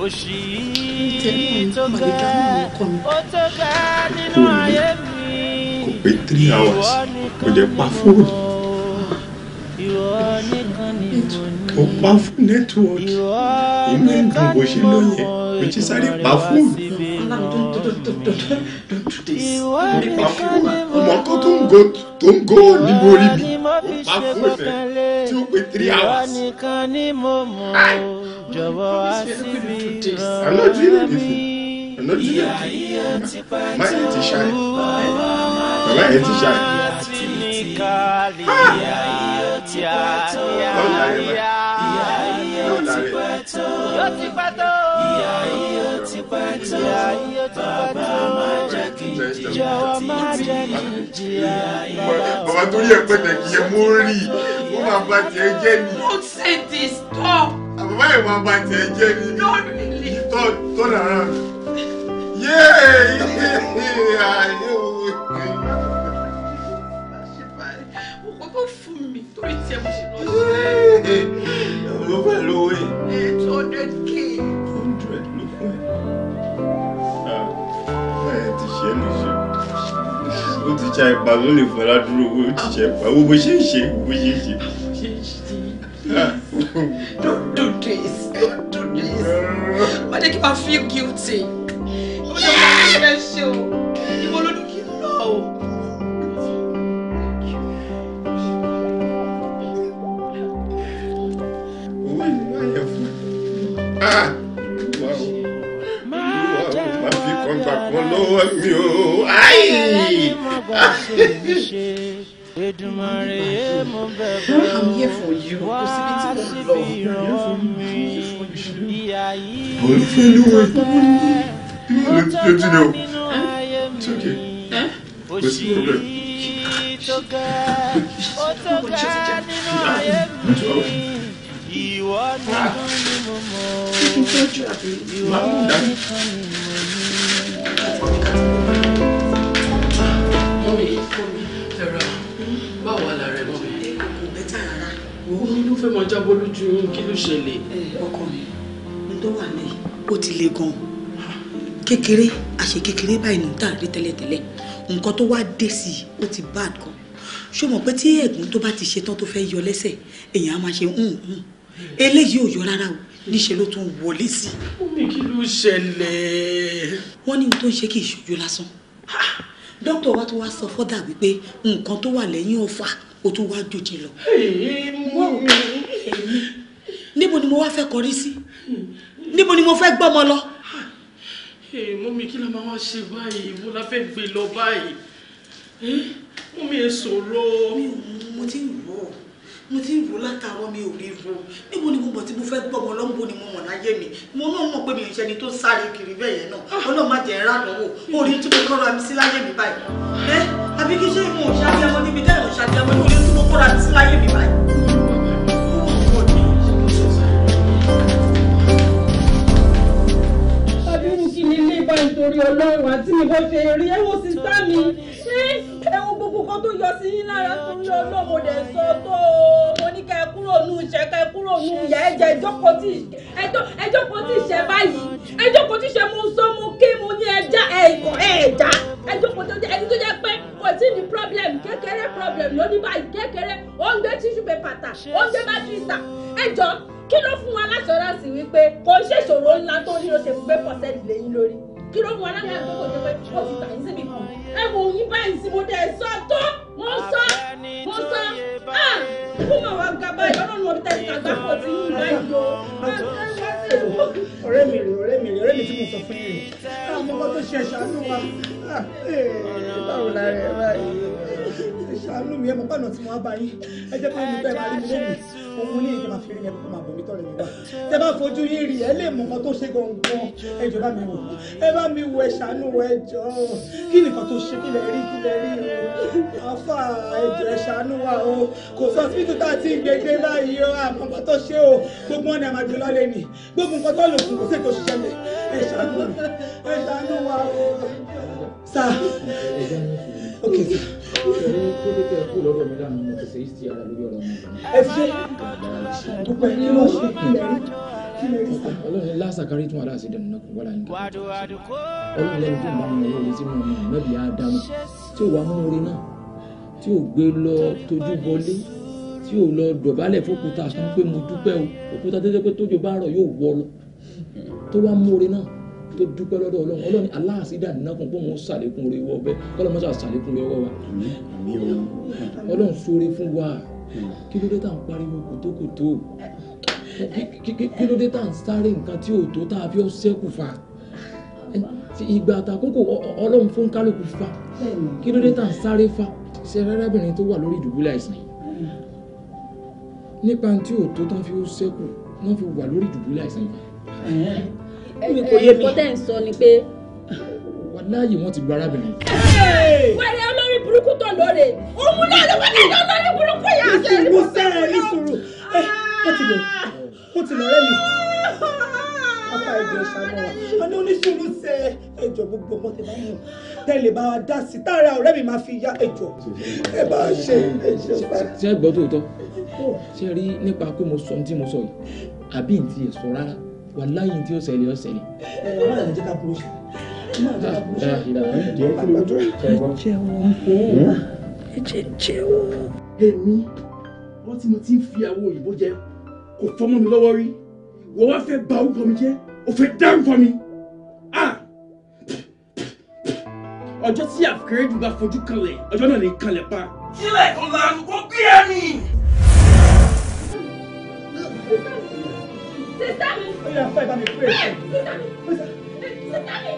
òṣì tó gẹ́ ó tó gẹ́ nínú ayé mi kò pé three hours kò jẹ́ pa fóònù kò pa fún network inú ẹ̀dùn bó ṣe lọ yẹ kò ti sáré pa fóònù nípa fóònù ọmọ kan tó ń go tó ń go níbo orí mi kò pa fóònù ẹ tí ó pé three hours jọ̀wọ́ wá síbi ìrọ̀lẹ́ mi ìyá yíyá ti pẹ́ tó bàbá yẹn ti ṣáà àti nìkàlì ìyá yíyá ti pẹ́ tó ìyá yíyá ti pẹ́ tó yóò ti pẹ́ tó ìyá yíyá ti pẹ́ tó bàbá máa jẹ́ kí n jìyà títí ìyá yíyá. bàbá torí ẹ pẹ́ tẹ̀ kí ẹ mú rí i wọ́n máa bá tiẹ̀ jẹ́ ni. don't say this stop bá ìwà bàtẹ̀ jẹ́ ni tó dára yéé ayé òwe. o kò kó fún mi torí tiẹ̀ mo ṣe lọ sí. ló fẹ́ lówó yìí. eight hundred k. hundred ló fẹ́. Ah. ẹ ti ṣe é lóṣù ó ti ṣe àìpàdé ó lè fọlá dúró ó ti ṣe àìpàdé ó bó ṣe ń ṣe bó ṣe ń ṣe. <laughs> Don't do this. Don't do this. Why do you n máa feel guilty. Ó jẹ́ kí n máa fẹ́ ṣe o. Ìwọ ló ní kí n lọ o. Owó yìí ah! máa <laughs> I'm here for you. I'm here for you. I'm here for you. tẹ́ mo tẹ́ bá nínú ayé mi òṣì yìí tó gẹ́ ó tó gẹ́ nínú báwo la rẹ mọ mi. kò bẹ́tà rárá. òun ló fẹ́ mọ jábọ́ lójú kí ló ṣẹlẹ̀. ọkọ mi ní tó wà ní ó ti le gan-an kékeré àṣẹ kékeré báyìí nìta rí tẹ́lẹ̀tẹ́lẹ̀ nǹkan tó wá dé sí i ó ti bad kan ṣó mọ̀ pé tí ẹ̀gbọ́n tó bá ti ṣe tán tó fẹ́ yọ lẹ́sẹ̀ èèyàn á máa ṣe hùn hùn eléyìí ò yọ rárá o níṣẹ́ ló tún wọlé sí i. omi kí ló ṣẹlẹ̀. wọ́n ní ohun tó ń ṣe kì í ṣojú lásán dókítà wa tó wá sọ fọ́dà wípé nǹkan tó wà lẹ́yìn ọ̀fà ó tó wá dòjé lọ. níbo ni mo wá fẹ́ kọrí sí níbo ni mo fẹ́ gbọ́mọ lọ. mọ́mí kí la máa wá ṣe báyìí mo la fẹ́ gbé lọ báyìí mọ́mí ẹ sọ̀rọ̀. mi ò mú mo ti rò ó mo ti ń wò látàárọ̀ mi ò rí ro níbo ni mo mọ̀ tí mo fẹ́ gbọ́mọ lọ́mọ ni mo mọ̀ láyé mi mo náà mọ̀ pé mi ò ṣẹni tó ń sáré kiri bẹ́ẹ̀ yẹn náà ah. ọlọ́run má jẹ́ ìrànlọ́wọ́ orí tí mo kọ́ra mi sí láyé mi báyìí ẹ àbí kí ṣé mo ò ṣàbíyamọ níbi dẹ́rẹ̀ ò ṣàbíyamọ ní orí tí mo kọ́ra mi sí láyé mi báyìí. kí ni ilé ìbá nítorí ọlọ́run àti mi bó ṣe rí ẹ wo sísá mi ẹ gbogbo kan tó yọ sí yín lára torí ọlọ́run ò dẹ̀ sọ tó kúrò nù ìṣẹ́ kẹ́ kúrò nù ìyá ẹ̀jẹ̀ ẹjọ́kọ̀ tí ìṣẹ́ báyìí ẹjọ́kọ̀ tí ìṣẹ́ mo sọ mo ké mo ní ẹja ẹ̀kọ́ ẹ̀já ẹjọ́kọ̀ tó jẹ́ ẹni tó jẹ́ pé kò tí ní problem kékeré problem lóní báyìí kékeré ó ń gbé tíṣù pépà tà ó ń gbé bátìrìsà ẹjọ́ kí ló fún wa láṣọ́ránsì wípé kò ń ṣèṣòro ńlá tó ní o ṣe gbé pọ̀ sẹ́ẹ̀dì lẹ́yìn lórí kí ló mú alága ìgbókò jẹ pé ó ti tàn síbi kan ẹ wò yín báyìí sí mo dẹ̀ sọ tó mo sọ mo sọ á kó mà wá ga báyìí ọlọ́run ọbí tẹ̀sí àgbà pọ̀ sí yín báyìí o. ọ̀rẹ́ mi rè ọ̀rẹ́ mi rè ọ̀rẹ́ mi tí mo sọ fún yín rè àwọn ah, ọmọ tó ṣe ṣàánú wa ah, eh, báwo la rẹ̀ báyìí ṣàánú mi ẹ̀ mọ̀ pàánù tí mo wá bá yín ẹ jẹ́ pé mo fẹ́ máa rí mi lónìí òun ní ìjọba fi rí ẹni tó máa bọ̀ mí tọ̀rẹ̀ mi wá tẹ bá fojú yín rí ẹ lè mọ ọmọ tó ṣe gangan ẹ jọ̀ọ́ mi wò ẹ bá mi wò ẹ ṣàánú kí nìkan tó ṣe kí rí kí rí o àfà ẹ jọ̀ọ́ wa o kò sọ síbítù tá a ń gbẹgbẹ báyìí o àmọ́ nǹkan tó ṣe o gbogbo wọn ni a máa gbé lọ́lẹ̀ ni gbogbo nǹkan tó lò kò sí ṣiṣẹ́ ẹ ṣàánú wa o sà ok sà ìṣẹ̀lẹ̀ kéde kẹ́ kú tí ò gbé lọ tójú bọlé tí ò lọ dọ̀bálẹ̀ fókúta sọ pé mo dúpẹ́ o òkúta tẹ́tẹ́ pé tójú bá rọ̀ yóò wọ́ lọ tó wá mú náà tó dúpẹ́ lọ́dọ̀ ọlọ́run ọlọ́run aláàsídà nínàkùn pé òun ṣàlékún orí wọ ọbẹ̀ kọ́lọ́ mọ́ṣá ṣàlékún orí ọwọ́ wa ọlọ́run ṣoore fún wa hmm. kí ló dé tá à ń pariwo kòtókòtó kí ló dé tá à ń sáré nǹkan tí ò tó tá a fi ọ́ sẹ́kù fa ìgbà àtàkókò ọlọ́run fún kálukú fa kí ló dé tá à ń sáré fa ṣe arábìnrin tó wà lórí ìdùbúlẹ̀ àìsàn yìí hmm. nípa tí ò tó tán fi ó sẹ́kù wọ́n fi wà lórí ìdùbúlẹ̀ àìsàn yìí mi eh, kò yé eh, mi. ẹ̀ẹ́dẹ́gbọ́n tẹ̀ ń sọ ni pé. wọn láàyè wọn ti gba arábìnrin. wẹ́rẹ́ olórí burúkú tó lóore òun náà ló wọlé olórí burúkú yà á ṣe é. mo sẹ́rẹ̀ ní sùúrù ó ti lọ ó ti lọ rẹ́ mi. afa ẹ̀jọ̀ ìṣàmọ́ wa ọ̀nà oníṣòro sẹ ẹ̀jọ̀ gbogbo ọmọ tẹ bá mọ̀ tẹ́lẹ̀ bá wa dá sí tára ọ̀rẹ́ mi máa fi ya ẹ̀jọ̀ ẹ bá ṣe ẹ̀jọ̀ bá. ṣé ẹ gbọ́ tòótọ́ oh. ṣé rí nípa pé mo sọ ohun tí mo sọ yìí àbí ǹ tiẹ̀ sọ rárá wàláhì tí ó ṣẹlẹ̀ ó ṣẹlẹ̀. ẹ ẹ wọ́n lè jẹ́ ká burú sí i wọ́n lè jẹ́ ká burú sí i. ẹ jẹ́wọ́ ẹ jẹ́ jẹ́wọ́. èmi wọ́n ti mo ti ń fi àwọn òyìnbó jẹ kò fọmọ mi lọ́wọ́ rí wọ́n wá fẹ́ bà orúkọ mi jẹ́ ó fẹ́ dárúkọ mi ọjọ́ tí àfikẹ́rẹ́ jù bá fojú kanlẹ̀ ọjọ́ náà ní kanlẹ̀ pa. sílẹ̀ tó lanu kó gbé ẹ̀mí sísá mi. ó yà fún ẹ bá mi pé èso. sísá mi sísá mi.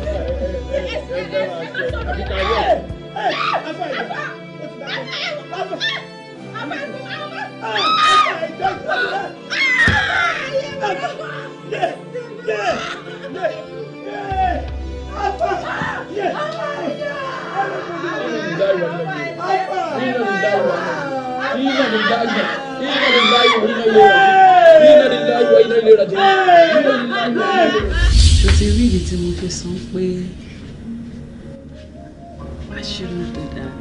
ẹ ẹ ẹ ẹ má sọ inna lillahi wa inna ilayhi raji'un inna lillahi wa inna ilayhi raji'un inna lillahi wa inna ilayhi raji'un. mo ti rí ìdí tí mo fi sọ pé àṣírí tó dáa.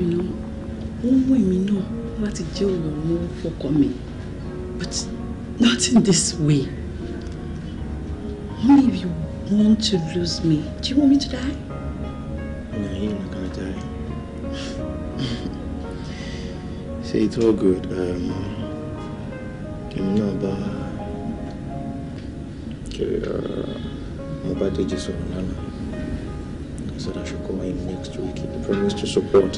ó ń wù náà láti jẹ́ olùrànlọ́wọ́ fọkọ mi but not in this way. Only if you want to lose me. Do you want me to die? No. See, it's all good. Um, I'm not bad. Okay, uh, I'm about to just I said I should call him next week. He promised to support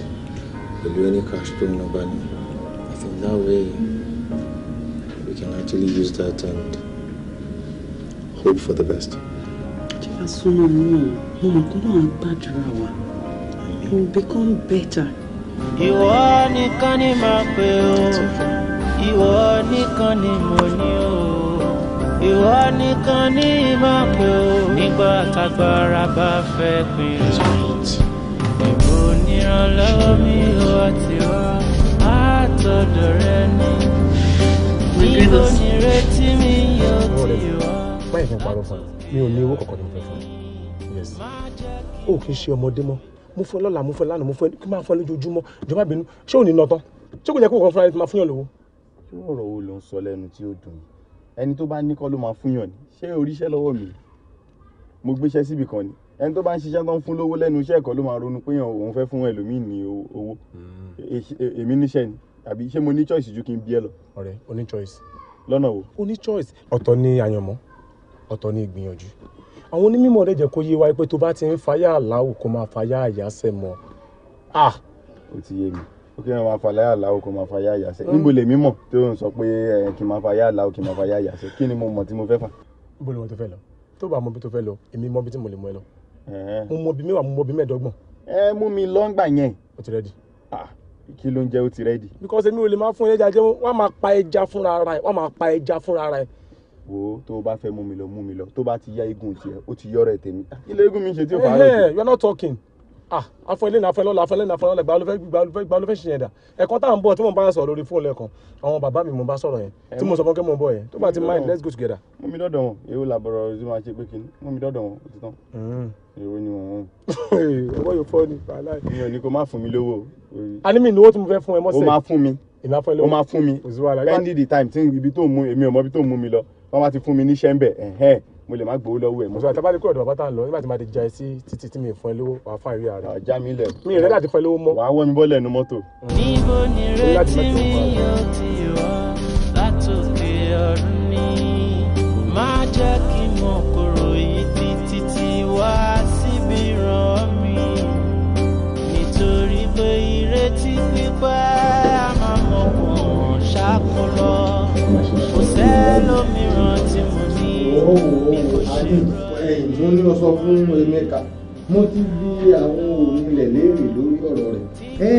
the any cash to nobody. I think that way we can actually use that and hope for the best. Just assume, no, no, no, no, no, no, no, no, no, no, no, ìwọ nìkan ni màá pè ó ìwọ nìkan ni mo ní ó ìwọ nìkan ni màá pè ó nígbà tágbára bá fẹ́ pin ìbò nírànlọ́wọ́ mi ó ti wá àtọ̀dọ̀ rẹ ní ìbò nírètí mi yóò ti wá. báyìí fún parọ́ fún mi mi ò ní owó kankan ní mo fẹ́ fún mi o kì í ṣe ọmọdé mọ́ mo fún ẹ lọ́la mo fún ẹ lánàá mo fún ẹ kí n máa fún ẹ lójoojúmọ́ ìjọba bínú ṣé ò ní nà tán ṣé kò jẹ́ kó kàn fúnra rẹ ti máa fún yàn lówó. kí ọ̀rọ̀ wo ló ń sọ lẹ́nu tí ó dùn ẹni tó bá ní kọ́ ló máa fún ni ṣé oríṣẹ́ lọ́wọ́ mi mo gbéṣẹ́ síbì kan ni ẹni tó bá ń ṣiṣẹ́ tó ń fún lówó lẹ́nu iṣẹ́ ẹ̀kọ́ ló máa ronú pé òun fẹ́ fún ẹlòmíì ní owó hmm. èmi níṣẹ́ ni àbí ṣé mo ní choice ju kí n bí ẹ lọ. ọ̀rẹ́ o ní choice. lọ́nà wo. o ní choice ọ̀tọ̀ ni àyànmọ́ ọ̀tọ̀ ni ìgbìyànjú àwọn onímọ̀ rẹ̀ jẹ́ kó yé wa pé tó bá ti ń fàyà aláwò kó máa fàyà àyàsẹ̀ mọ́ a. Ah! ó ti yé mi ó kí wọn máa fàyà aláwò kó máa fàyà àyàsẹ̀ níbo lè mímọ̀ tó ń sọ pé kí n máa fàyà aláwò kí n máa fàyà àyàsẹ̀ kí ni mo mọ̀ tí mo fẹ́ fà. bó ló wọn tó fẹ́ lọ tó bá mọ bí tó fẹ́ lọ èmi mọ bí tí mo lè mọ ẹ lọ mo mọ bí mẹ́wàá mo mọ bí mẹ́ẹ̀ẹ́dọ́gbọ̀n. ẹ mú mi lọ́ngbà yẹn. ó ti rẹ́dì ah, kí ló ń jẹ́ ó ti rẹ́dì. because èmi ò lè máa fún ẹja jẹ́ wọ́n máa pa ẹja fúnra ara wo tó o bá fẹ́ mú mi lọ mú mi lọ tó bá ti yá igun tiẹ̀ ó ti yọ̀rọ̀ ẹ̀ tèmi ilé igun mi ṣe tí ó fà á lọ. you are not talking ah afọ ilé náà afọ ilé náà afọ ilé náà afọ ilé náà gba olùfẹ́ gba olùfẹ́ ṣìyẹn dà ẹ̀kọ́ tá à ń bọ̀ tí mo bá ń sọ̀rọ̀ lórí fóònù ẹ̀kan àwọn bàbá mi mo bá sọ̀rọ̀ yẹn tí mo sọ fún kí mo bọ̀ yẹn tó bá ti mind let's go together. mú mi dọ́dọ̀ wọn èwo làbọ̀rọ̀ tí máa ṣe pé kí ni mú mi dọ́dọ̀ wọn ó ti tán. èwo ni wọn. ọwọ́ yóò fọ́ ni bàálà. mi ò ní kó má fún mi lówó. a ní mi ìnáwó tí mo fẹ́ fún ẹ mọ́sẹ̀. o máa fún mi o máa fún mi pending the time tí ibi tó mú mi wọ́n bá ti fún mi níṣẹ́ ń bẹ̀ ẹ̀hẹ́n mo lè má gbowó lọ́wọ́ ẹ̀. mọ̀sán àtàbá kúrò ọ̀dọ̀ tá à lọ nígbà tí màá ti ja sí títí tí mi fún ẹ lówó wà á fà ìwé ààrẹ. àjà mi lẹ. mi ìrẹ́ láti fún ẹ lówó mọ́. wàá wọ́ mi bọ́lẹ̀ nu mọ́tò. níbo ni retí mi yóò ti wọ́ látòkè ọ̀run ni má jẹ́ kí mo kúrò yìí títí wá síbi ràn mí nítorí pé ìrètí pípẹ́ àmọ́ mọ̀ ṣàkólọ kò sẹ́lòmíràn tí mo ní bí kò ṣe rẹ̀. mo ní ọsọ fún Emeka mo ti fi àwọn òun ilẹ̀ léèrè lórí ọ̀rọ̀ rẹ̀ ẹ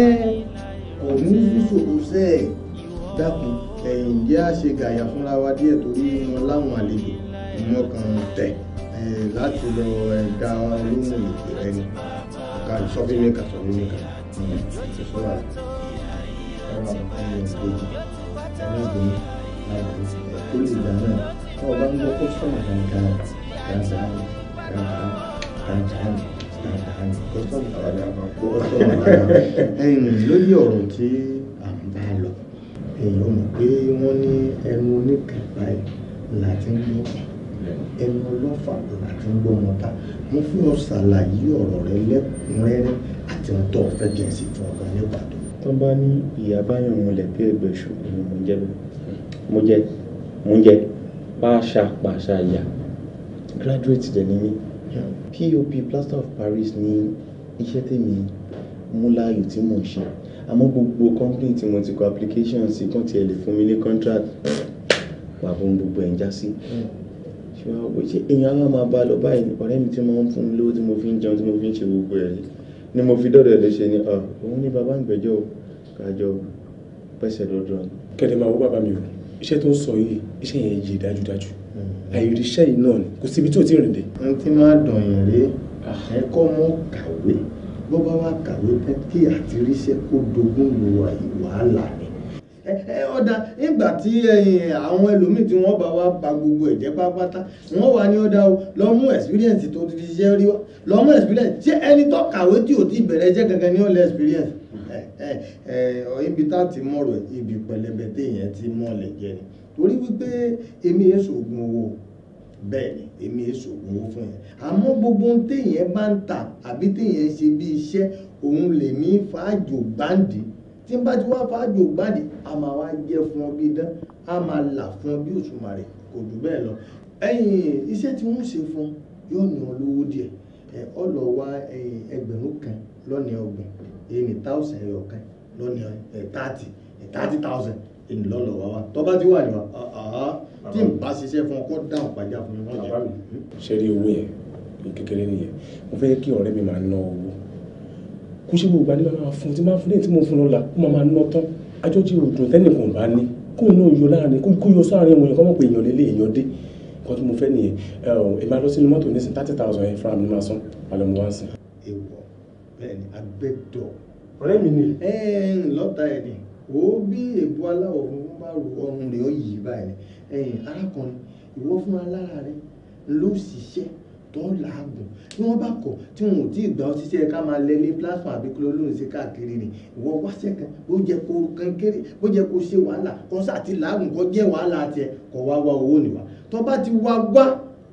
ọ̀hún ṣòro sẹ́ẹ̀ dákun ẹ̀yìn jẹ́ àṣegàyà fúnra wa díẹ̀ torí wọn láwọn àlejò ìmọ̀ kan tẹ̀ láti lọ dá olóhùn ìpè rẹ ni ọ̀ka ìsọ́fínmẹ́ka sọ́fínmẹ́ka ìsọ́ra ẹ̀rọ àwọn ọmọ ìgbèjì ẹlẹ́gbẹ̀ẹ́ láàbò ẹ̀kọ́ ìgbà ń gbọ́ kọ́sítọ́mù ta mo fún ọ ṣàlàyé ọ̀rọ̀ rẹ lẹ́kùnrẹ́rẹ́ àti ohun tó o fún ọgbà ní pàtó tó bá ní ìyá báyọ̀ múlẹ̀ bí ẹgbẹ́ ṣòkò mo jẹ́ mo jẹ́ mo jẹ́ pàṣà pàṣà yà graduate dẹ̀ ni pop plaster of paris ní iṣẹ́ tèmi múláyò tí mò ń ṣe àmọ́ gbogbo company tí mo ti kọ application sí kàn tiẹ̀ lè fún mi ní contract pàbó gbogbo ẹ̀ ń já sí ṣùgbọ́n àwọn ṣe èèyàn á máa bá lọ báyìí ọ̀rẹ́ mi tí wọ́n ń fún mi lówó tí mo fi ń jẹun tí mo fi ń ṣe gbogbo ẹ̀ ni mo fi dọ́dọ̀ ẹ̀ lè ṣe ni òun ní bàbá ìgbẹ́jọ́ o kájọ pẹ̀sẹ̀ lọ́dọ̀ ni. kẹ́lẹ́ máa wọ bàbá mi o iṣẹ́ tó ń sọ yìí iṣẹ́ yẹn yé dájúdájú hmm. àìríṣẹ́ yìí náà ni kò síbi tí ò ti rìn dé. n ti máa dàn yàn ré ẹ̀kọ́ mọ́ kàwé bó bá wá kàwé pẹ́ kí àtiríṣẹ́ kó dogún lo wàhálà ni ẹ ọ̀dà nígbà tí eh, àwọn ẹlòmíì tí wọ́n bá wá ba gbogbo ẹ̀ jẹ́ pátápátá wọ́n wà ní ọ̀dà o lọ mú experience tó ti di iṣẹ́ rí wa lọ mú experience ṣé ẹni tó kàwé tí ò ti bẹ̀rẹ̀ iṣẹ́ gangan ní ọ̀lẹ́ experience ẹ eh, ẹ eh, ibi tá ti mọ̀rọ̀ ibi pẹlẹbẹ téèyàn ti mọ̀lẹ̀ jẹ ni torí wípé èmi yẹn e ṣoògùn owó bẹ́ẹ̀ ni èmi yẹn e ṣoògùn owó fún yẹn àmọ́ gbogbo téèyàn bá ń tà àbí téèyàn ṣe bí iṣẹ́ òun lèmi fàájò gbáǹdì tí n bá ti wá fáájò gbàdé a máa wá jẹ fún ọ bí dán a máa là fún ọ bí òṣùmàrè kò jù bẹ́ẹ̀ lọ ẹ̀yìn iṣẹ́ tí wọ́n ṣe fún yóò ní ọ lówó díẹ̀ ẹ ọ lọ wá ẹgbẹ̀rún kan lọ́nà ọgbọ̀n èyí thousand ẹyọ kan lọ́nà thirty thirty thousand èyí lọ́nà wá wá tọ́ bá ti wà ní wa tí n bá ṣiṣẹ́ fún ọ kọ́ dáhùn pàjá fún mi wọ́n jẹ. ṣé rí owó yẹn kékeré nìyẹn mo fẹ́ kí ọ̀rẹ́ mi máa ná owó kò ṣe gbogbo àdé máa fún tí máa fún lẹ́yìn tí mo fún lọ́la kó máa ná tán ajọ́jì òdùn tẹ́lẹ̀ kò bá ní kó náà yọ láàrin kó yọ sáàrin wọn yẹn kọ́ mọ̀ pé èèyàn lélẹ̀ èèyàn dé nǹkan tí mo fẹ́ nìyẹn ẹ máa lọ sínú mọ́tò nísìn thirty thousand yẹn fúnra mi máa san àlọ́ mo wá sí. èèwọ̀ bẹ́ẹ̀ ni agbẹ́dọ̀ ọ̀rẹ́ mi ni. ẹ ẹ lọ́ta ẹ̀ ni ó bí èbú aláwọ̀ funfun bá ru ọrùn rẹ̀ ó yí báyìí arákùnrin ìwọ fúnra lára rẹ̀ ló ṣiṣẹ́ tó ń làágùn tí wọ́n bá kọ̀ tí wọn ò tí ì gbà ọ́ ṣiṣẹ́ ká máa lẹ ní plasma àbí klolóòrùn sí káàkiri ni ìwọ wáṣẹ kan bó jẹ kó kankéré bó jẹ kó ṣe wàhálà kan sáà ti làágùn kó jẹ́ wàhálà tiẹ̀ kó wá wá owó nìwà tó bá ti wá wá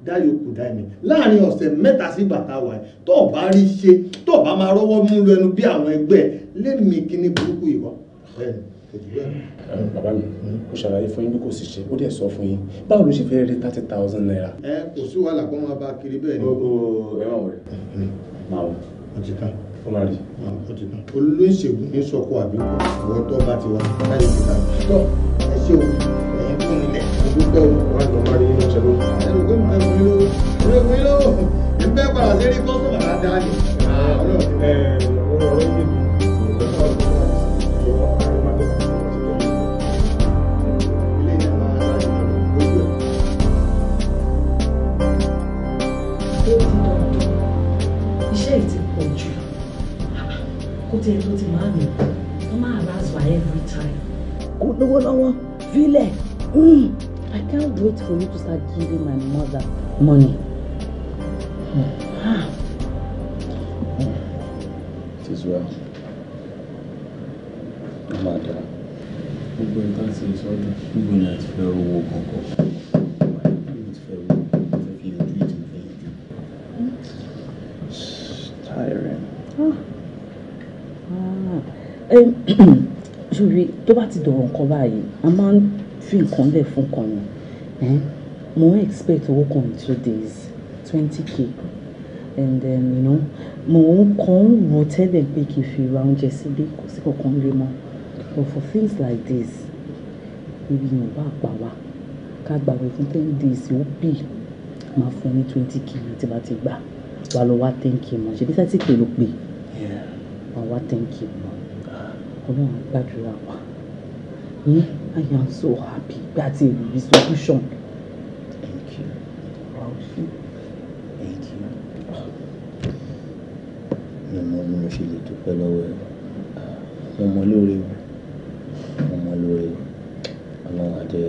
dáyòkù dáìmì láàrin ọ̀sẹ̀ mẹ́ta sí bàtà wà tó o bá rí ṣe tó o bá máa rọ́wọ́ mú lẹ́nu bí àwọn ẹgbẹ́ lẹ́mìí kíní burúkú ìwọ bẹ́ẹ̀ ni kò jù bẹ́ẹ̀ bàbá mi kò ṣàlàyé fún yín bí kò sì ṣe ó dẹ̀ sọ fún yín báwo ló ṣe fẹ́ rí thirty thousand naira. ẹ kò sí wàhálà kó máa bá a kiri bẹ́ẹ̀ ni. ooo ẹ máa wọlé máa wọ. ó ti tán ó máa rí. ó ti tán olóṣègùn ní sọkọ àbíkú àwọn tó bá ti wà láyé ti ta tó ẹ ṣe òun ẹ̀yìn fún ilẹ̀. ìdúpẹ́ wà lọ máa rí inú ṣẹlú. ẹnu kó mi fẹ́ fún yín ló ló ẹ̀ tiẹ̀ tó ti máa mi wọ́n máa last for every time. kò lówó lọ́wọ́ fílẹ̀ I can't wait for you to start giving my mother money. Hmm. Hmm. It is well. Ó máa dára. Gbogbo ìta ti sọ́dún. Gbogbo ìyá ti fẹ́ rówó kankan. ṣùgbọ́n <clears throat> tó bá ti dọ̀rọ̀ nǹkan báyìí a máa ń fi nǹkan lẹ̀ fún kan ni mo ń expect owó kan in two days twenty k and then you know mo ń kàn ń wọ tẹ́lẹ̀ pé kì í fi ra oúnjẹ sílé kò sí kankan lé mọ́ but for things like this ibi yẹn ò bá pa wá ká gbàgbé fún ten days ó bì máa fún ní twenty k tí bá ti gbà wà lọ wá ten k mọ́ ṣe bí thirty k ló pè wà wá ten k mọ́ ọlọ́run gbàdúrà wa ní I am so happy pé a ti rí solution. thank you thank you mi ò mọ bí mo ṣe lè dúpẹ́ lọ́wọ́ ẹ mo mọ lóore o mo mọ lóore o ọlọ́run adé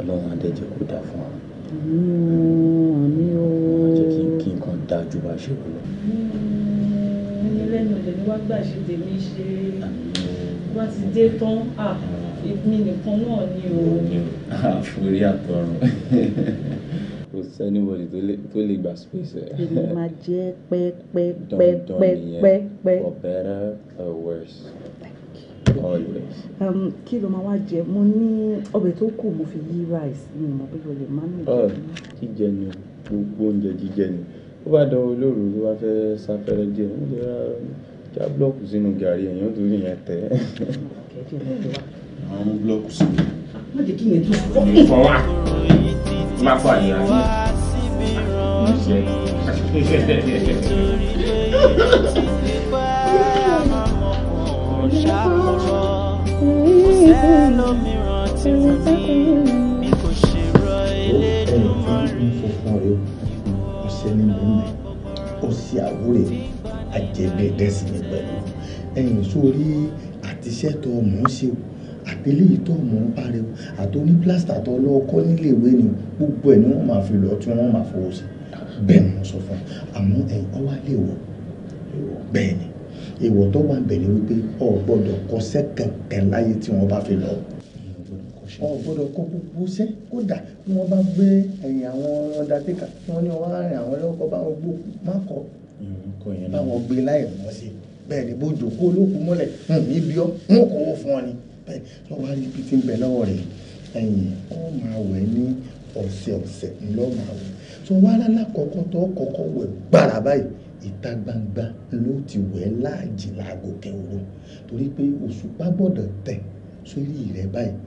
ọlọ́run adé jẹ́ kó dáa fún wa. àmì o àmì o. jẹ́ kí nǹkan dáa ju bá a ṣe wọlé wá gbà ṣe tèmi ṣe wá ti dé tán à èmi nìkan náà ni o. àforí àtọrùn kò sẹ́nìbọ̀dì tó lè gba space ẹ̀. èmi máa jẹ́ pẹ́pẹ́pẹ́pẹ́pẹ́. for better or worse always. Um, kí ló máa wá jẹ mo ní ọbẹ̀ tó kù mo fi yí rice mi mọ̀ pé o lè má mi. Ah, jíjẹ ni gbogbo oúnjẹ jíjẹ ni ó bá dánwò lóru tó bá fẹ́ sáfẹ́rẹ́ díẹ̀ ó lè ra já búlọ́ọ̀kù sínú gàrí èèyàn tó rí yẹn tẹ́. àwọn mú búlọ́ọ̀kù sí má jẹ́ kí yẹn tó fọ́ fọ́ wá. ó fọ àyè àyè. ọ̀sẹ̀ ni àjẹdẹdẹ sí mi pẹ̀lú ẹ̀yìn sórí àtiṣẹ́ tó mọ̀ ọ́n ṣe o àtẹlé ìtọ́ mọ̀ ọ́n pariwo àtọ́ní plásítà tó lọ kọ́ nílé ni gbogbo ẹ̀ ni wọ́n máa fi lọ tí wọ́n máa fowó sí bẹ́ẹ̀ ni wọ́n sọ fún un àmọ́ ẹ̀yìn ọ wá lè wọ̀ bẹ́ẹ̀ ni èèwọ̀ tó wà bẹ̀rẹ̀ wípé ọ gbọ́dọ̀ kọsẹ́ kẹ̀kẹ́ láyé tí wọ́n bá fi lọ ọ gbọ́dọ̀ kọ gbogbo sẹ kódà bí wọ́n bá gbé ẹ̀yìn àwọn ọdà tí wọ́n ní ọwọ́ àárín àwọn ẹlẹkọ bá wọn gbó má kọ báwọn gbé láì mọ̀ sí bẹ́ẹ̀ ni bójú kó olókùn mọ́lẹ̀ níbi ọ́ mú kó o fún ọ ni bẹ́ẹ̀ lọ́wọ́ rí ibi tí ń bẹ lọ́wọ́ rẹ̀ ẹ̀yìn ó máa wẹ̀ ní ọ̀sẹ̀ ọ̀sẹ̀ ńlọ́ máa wẹ̀ tó wá rárá kọ́kọ́ tó kọ́kọ́ wẹ̀ gbára báyìí ìta gbangba ló ti wẹ̀ láàjì láago kẹwòrò torí pé òṣùpá gbọ́dọ̀ tẹ̀ sórí rẹ̀ báyìí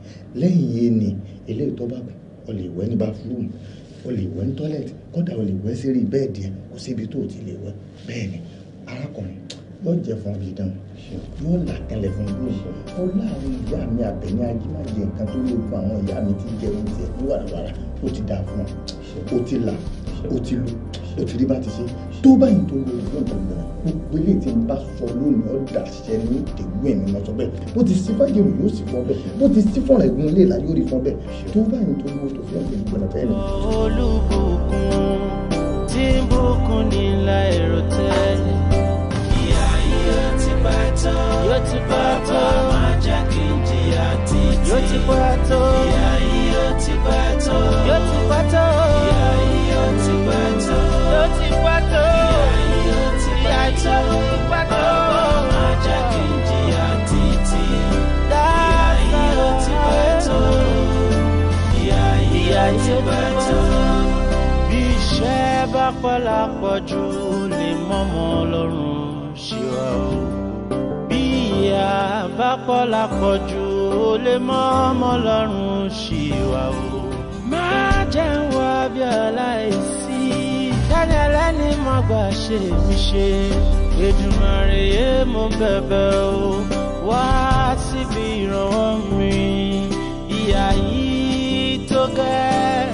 lẹ́yìn ẹni eléyìí tó bá kù ọ lè wẹ̀ ní báfúrúmù o lè wẹ̀ ní tọ́lẹ̀tì kódà o lè wẹ̀ sérí bẹ́ẹ̀dì ẹ̀ kó síbi tó o ti lè wẹ̀ bẹ́ẹ̀ ni arákùnrin yóò jẹ fún ọbẹ̀ dán yóò là kẹlẹ̀ fún yóò ó láàrin ìyá mi àbẹ̀ní ajímájẹ nǹkan tó lè fún àwọn ìyá mi ti jẹ oúnjẹ wàràwàrà ó ti dáa fún ọ ó ti là ó ti lu ètùtù bá ti ṣe tó báyìí tó lè fún ìgbọ̀ngàn gbogbo ilé tí n bá sọ lónìí ọ̀dà ṣẹ ní ìlú ẹ̀mí wọn sọ bẹ́ẹ̀ bó ti sí fàjẹrù yóò sì fọ́ bẹ́ẹ̀ bó ti sí fọ̀rọ̀ ẹ̀gún ilé ìlà yóò rí fọ́ bẹ́ẹ̀ tó báyìí tó lè tó fún ìgbọ̀ngàn fẹ́ẹ́ rẹ̀. olùbùkún tí bùkún ní láìrò tẹ́lẹ̀ ìyá yóò ti bá tó ti bá ti pẹ́ tó ìyá tó pẹ́ tó má jẹ́ kí n jìyà títí ti pẹ́ tó ìyá ti pẹ́ tó. bí iṣẹ́ bá pẹ́ lápọ̀jù lè mọ́mọ́ lọ́rùn ṣe wá o bí ìyá bá pẹ́ lápọ̀jù lè mọ́mọ́ lọ́rùn ṣe wá o má jẹ́ wá bí aláìsí kẹ́ni ẹlẹ́ni má gbà ṣe mí ṣe Èdùmàrè yé mo bẹ̀bẹ̀ o wá síbi ìrànwọ́ mi ìyà yìí tó gẹ́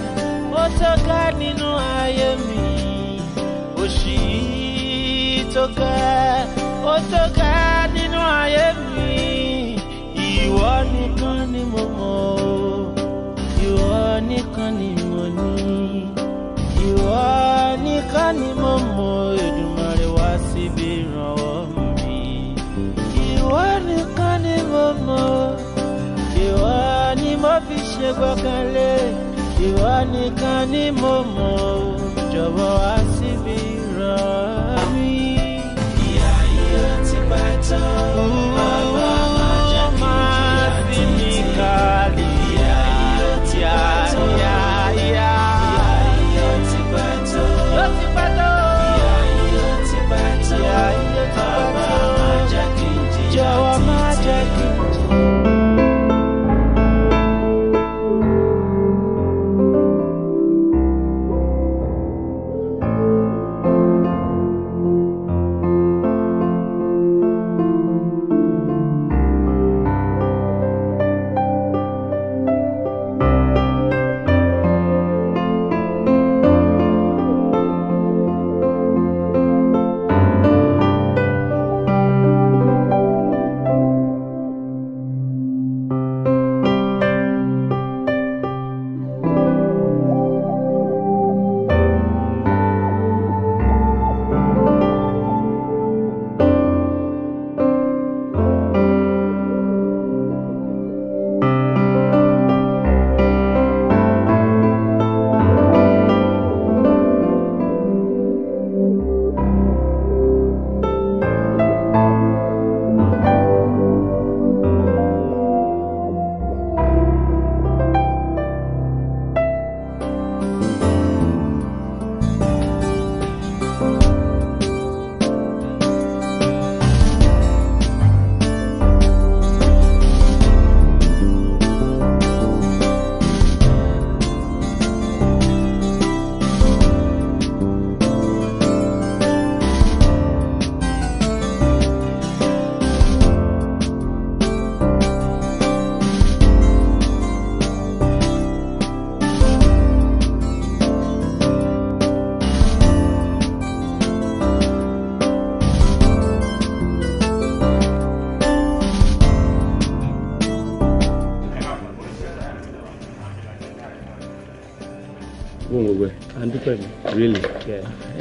ó tó gẹ́ nínú ayé mi òṣì yìí tó gẹ́ ó tó gẹ́ nínú ayé mi ìwọ nìkan ni mo mọ̀ o ìwọ nìkan ni mo wá níkà ní mọ̀ mọ́ Èdùmàrè wá síbi ìrànwọ́ mi. ìwọ nìkan ni mo mọ̀ ìwọ ni mo fi ṣe gbọ́kànlé ìwọ nìkan ni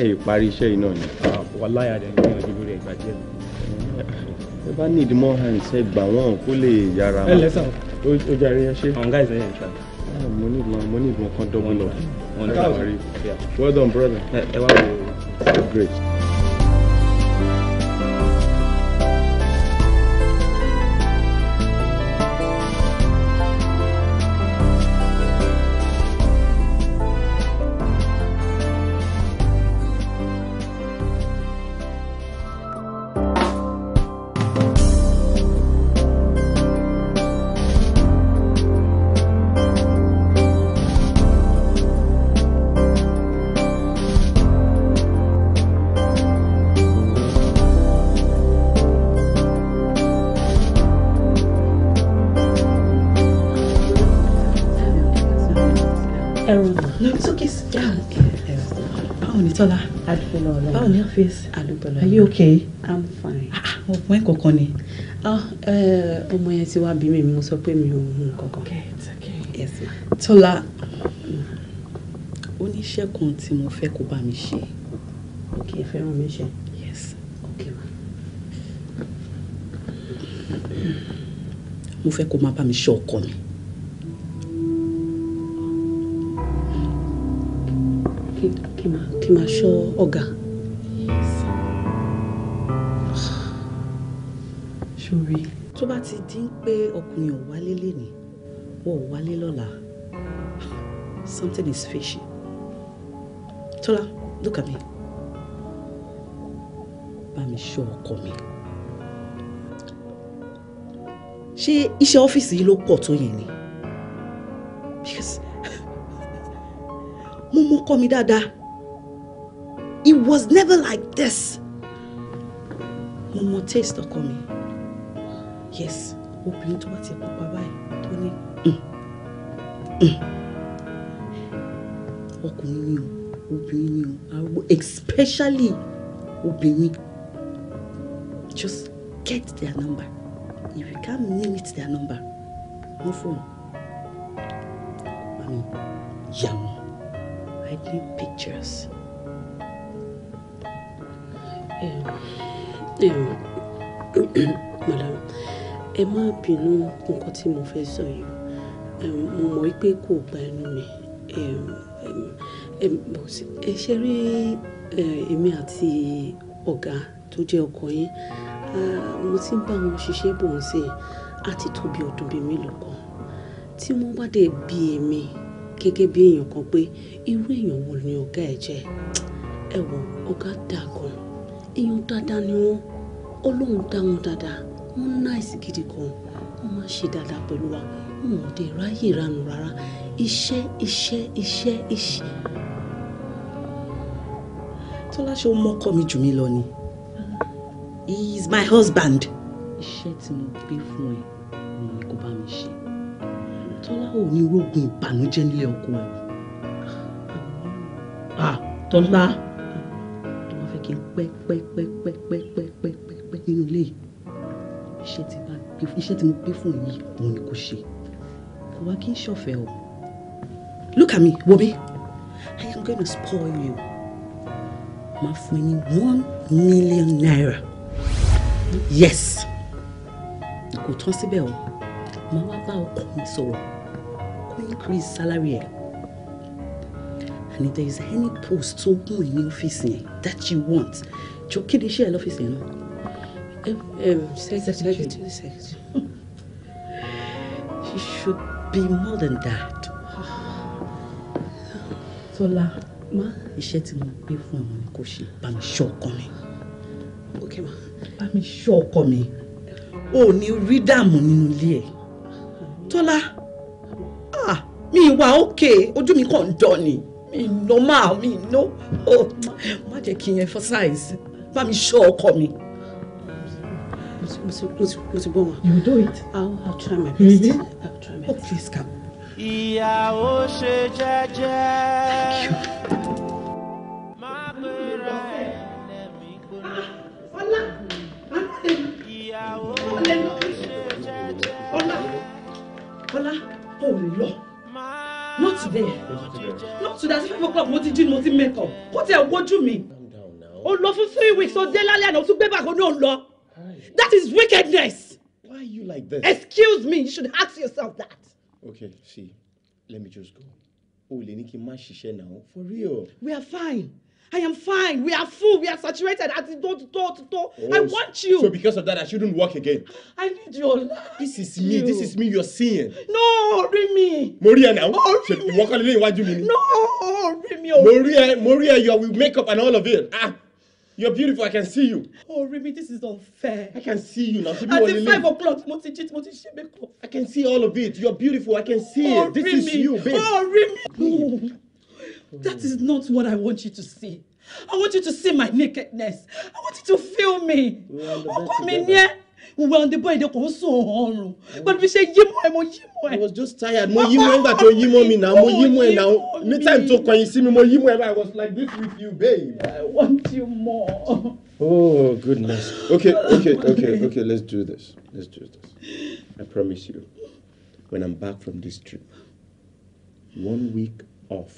ẹ parí iṣẹ́ yìí ni. wàláhì dẹ̀ ń gbìyànjú lórí ẹ̀gbà díẹ̀. ẹ bá need more hands ẹ gbà wọ́n kó lè yára. ẹ lẹ́sàn ó jẹ́ àríyá ṣe. àwọn guys ẹ̀yẹ̀ ń ṣá. Ah, mo ní ìmọ̀ mo ní ìmọ̀ kan double up. wọ́n ní rí. well done brother. ẹ wá wò great. Bọ́lá. Are you okay? I'm fine. Ọ̀pọ̀ ẹ̀ kọ̀ọ̀kan ni. Ah, ọmọ yẹn ti wá bí mi, mo sọ pé mi ò mú nǹkankan. Okay, it's okay. Yes ma. Tọ́lá, oníṣẹ́ kan tí mo fẹ́ kó bá mi ṣe. Okay, ẹ fẹ́ràn mi ṣe. Yes. Okay ma. Mo fẹ́ kó máa bá mi ṣe ọkọ mi. Kí máa ṣọ́ ọ̀gá. Something is fishy. Tola, look at me. Bá sure ṣọ́ ọkọ mi. Ṣé iṣẹ́ ọ́fíìsì yìí ló pọ̀ tó Because <laughs> mo mọ ọkọ mi It was never like this. Mo mọ taste ọkọ mi. Yes, obìnrin tó bá ti pupa báyìí tó ní. Mm. Mm ọkùnrin ni o obìnrin ni o arúgbó especially obìnrin just get their number if you can't limit their number wọ́n fóònù mami yà wọ́n I need pictures. Um, <coughs> um, madam ẹ má bínú nǹkan tí mo fẹ́ sọ yìí mo mọ̀ pé kò gba ẹnu mi ẹ ṣe rí èmi àti ọ̀gá tó jẹ́ ọkọ yín mo ti ń bá wọn ṣiṣẹ́ bò ń sìn àti tóbi ọdún bíi mélòó kan tí wọ́n bá dẹ̀ bí èmi gẹ́gẹ́ bí èèyàn kan pé irú èèyàn wo ni ọ̀gá ẹ̀ jẹ́ ẹ wò ọ̀gá dáa gan èèyàn dáadáa ni wọ́n ọlọ́run dá wọn dáadáa wọ́n náìsì gidi kan wọ́n máa ṣe dáadáa pẹ̀lú wa wọn ò dé ráyè ránu rárá iṣẹ́ iṣẹ́ iṣẹ́ iṣẹ́ tọ́lá ṣe ó mọ́kọ mi jù mí lọ ni he is my husband. iṣẹ́ tí mo gbé fún ẹ ni kò bá mi ṣe tọ́lá ò ní rògùn ìbànújẹ́ nílé ọkọ ẹ. Ah, ah, tọ́lá tó bá fẹ́ kí n pẹ́ pẹ́ pẹ́ pẹ́ pẹ́ pẹ́ pẹ́ pẹ́ pẹ́ nínú ilé yìí iṣẹ́ tí mo gbé fún ẹ yìí òun ni kò ṣe kò wá kí n ṣọ̀fẹ́ o. Look at me, Wobi. I am going to spoil you. Máa fún one million naira. Yes. Kò tán síbẹ̀ o. Máa wá bá ọkọ mi sọ̀rọ̀. Kó increase salary ẹ̀. And if there is any post tó gùn ẹ̀ ní ọ́fíìsì yẹn that you want, jọ kí ni iṣẹ́ ẹ lọ́fíìsì yẹn náà? Secretary. Um, um, secretary. She should be more than that. Tọ́lá ma, iṣẹ́ tí mo gbé fún ọmọ mi kò ṣe bá mi ṣọ́ ọkọ mi bá mi ṣọ́ ọkọ mi ò ní rí dààmú nínú ilé ẹ̀ Tọ́lá ah, mi wà òkè ojú mi kàn ń dán ni mi no máa mi no má jẹ́ kí n emphasize bá mi ṣọ́ ọkọ mi. You do it. I'll, I'll try my best. Really? I'll try my best. Oh, please come ìyá ó ṣe jẹ́jẹ́. má pera ẹ̀ lẹ́mí gbóná. not today not today five o'clock mo ti jí mo ti make up kó tiẹ̀ wojú mi ó lọ fún three weeks ó dé lálẹ́ àná ó tún gbé bàgọ́ náà lọ that is wickedness. why are you like this. excuse me you should ask yourself that. Okay, see, let me just go. O lè ní kí n má ṣiṣẹ́ for real. We are fine. I am fine. We are full. We are saturated. Àti tó tó tó tó. I oh, want you. So because of that, I shouldn't work again. I need your love. This is me. You. This is me you're seeing. No, rí mi. Mo rí ẹ náà. mi. No, rí mi. Mo rí you are with makeup and all of it. Ah. You're beautiful. I can see you. Oh, Remy, this is unfair. I can see you now. At the five o'clock, mo ti jí, mo ti ṣe makeup. I can see all of it. You're beautiful. I can see oh, it. This Remy. is you, babe. Oh, Remy. No. Oh. That is not what I want you to see. I want you to see my nakedness. I want you to feel me. Oh, come in here ìwé on the boy de kò sùn ọrùn pẹ̀lú bí ṣe yí mọ́ mo yí mọ́ I was just tired mo yí mọ́ nígbà tó yí mọ́ mi náà mo yí mọ́ ẹ náà ní time tó kọ̀yìn sí mi mo yí mọ́ ẹ I was like this with you babe. I want you more. Oh goodness okay okay okay <laughs> okay let's do this let's do this I promise you when I'm back from this trip one week off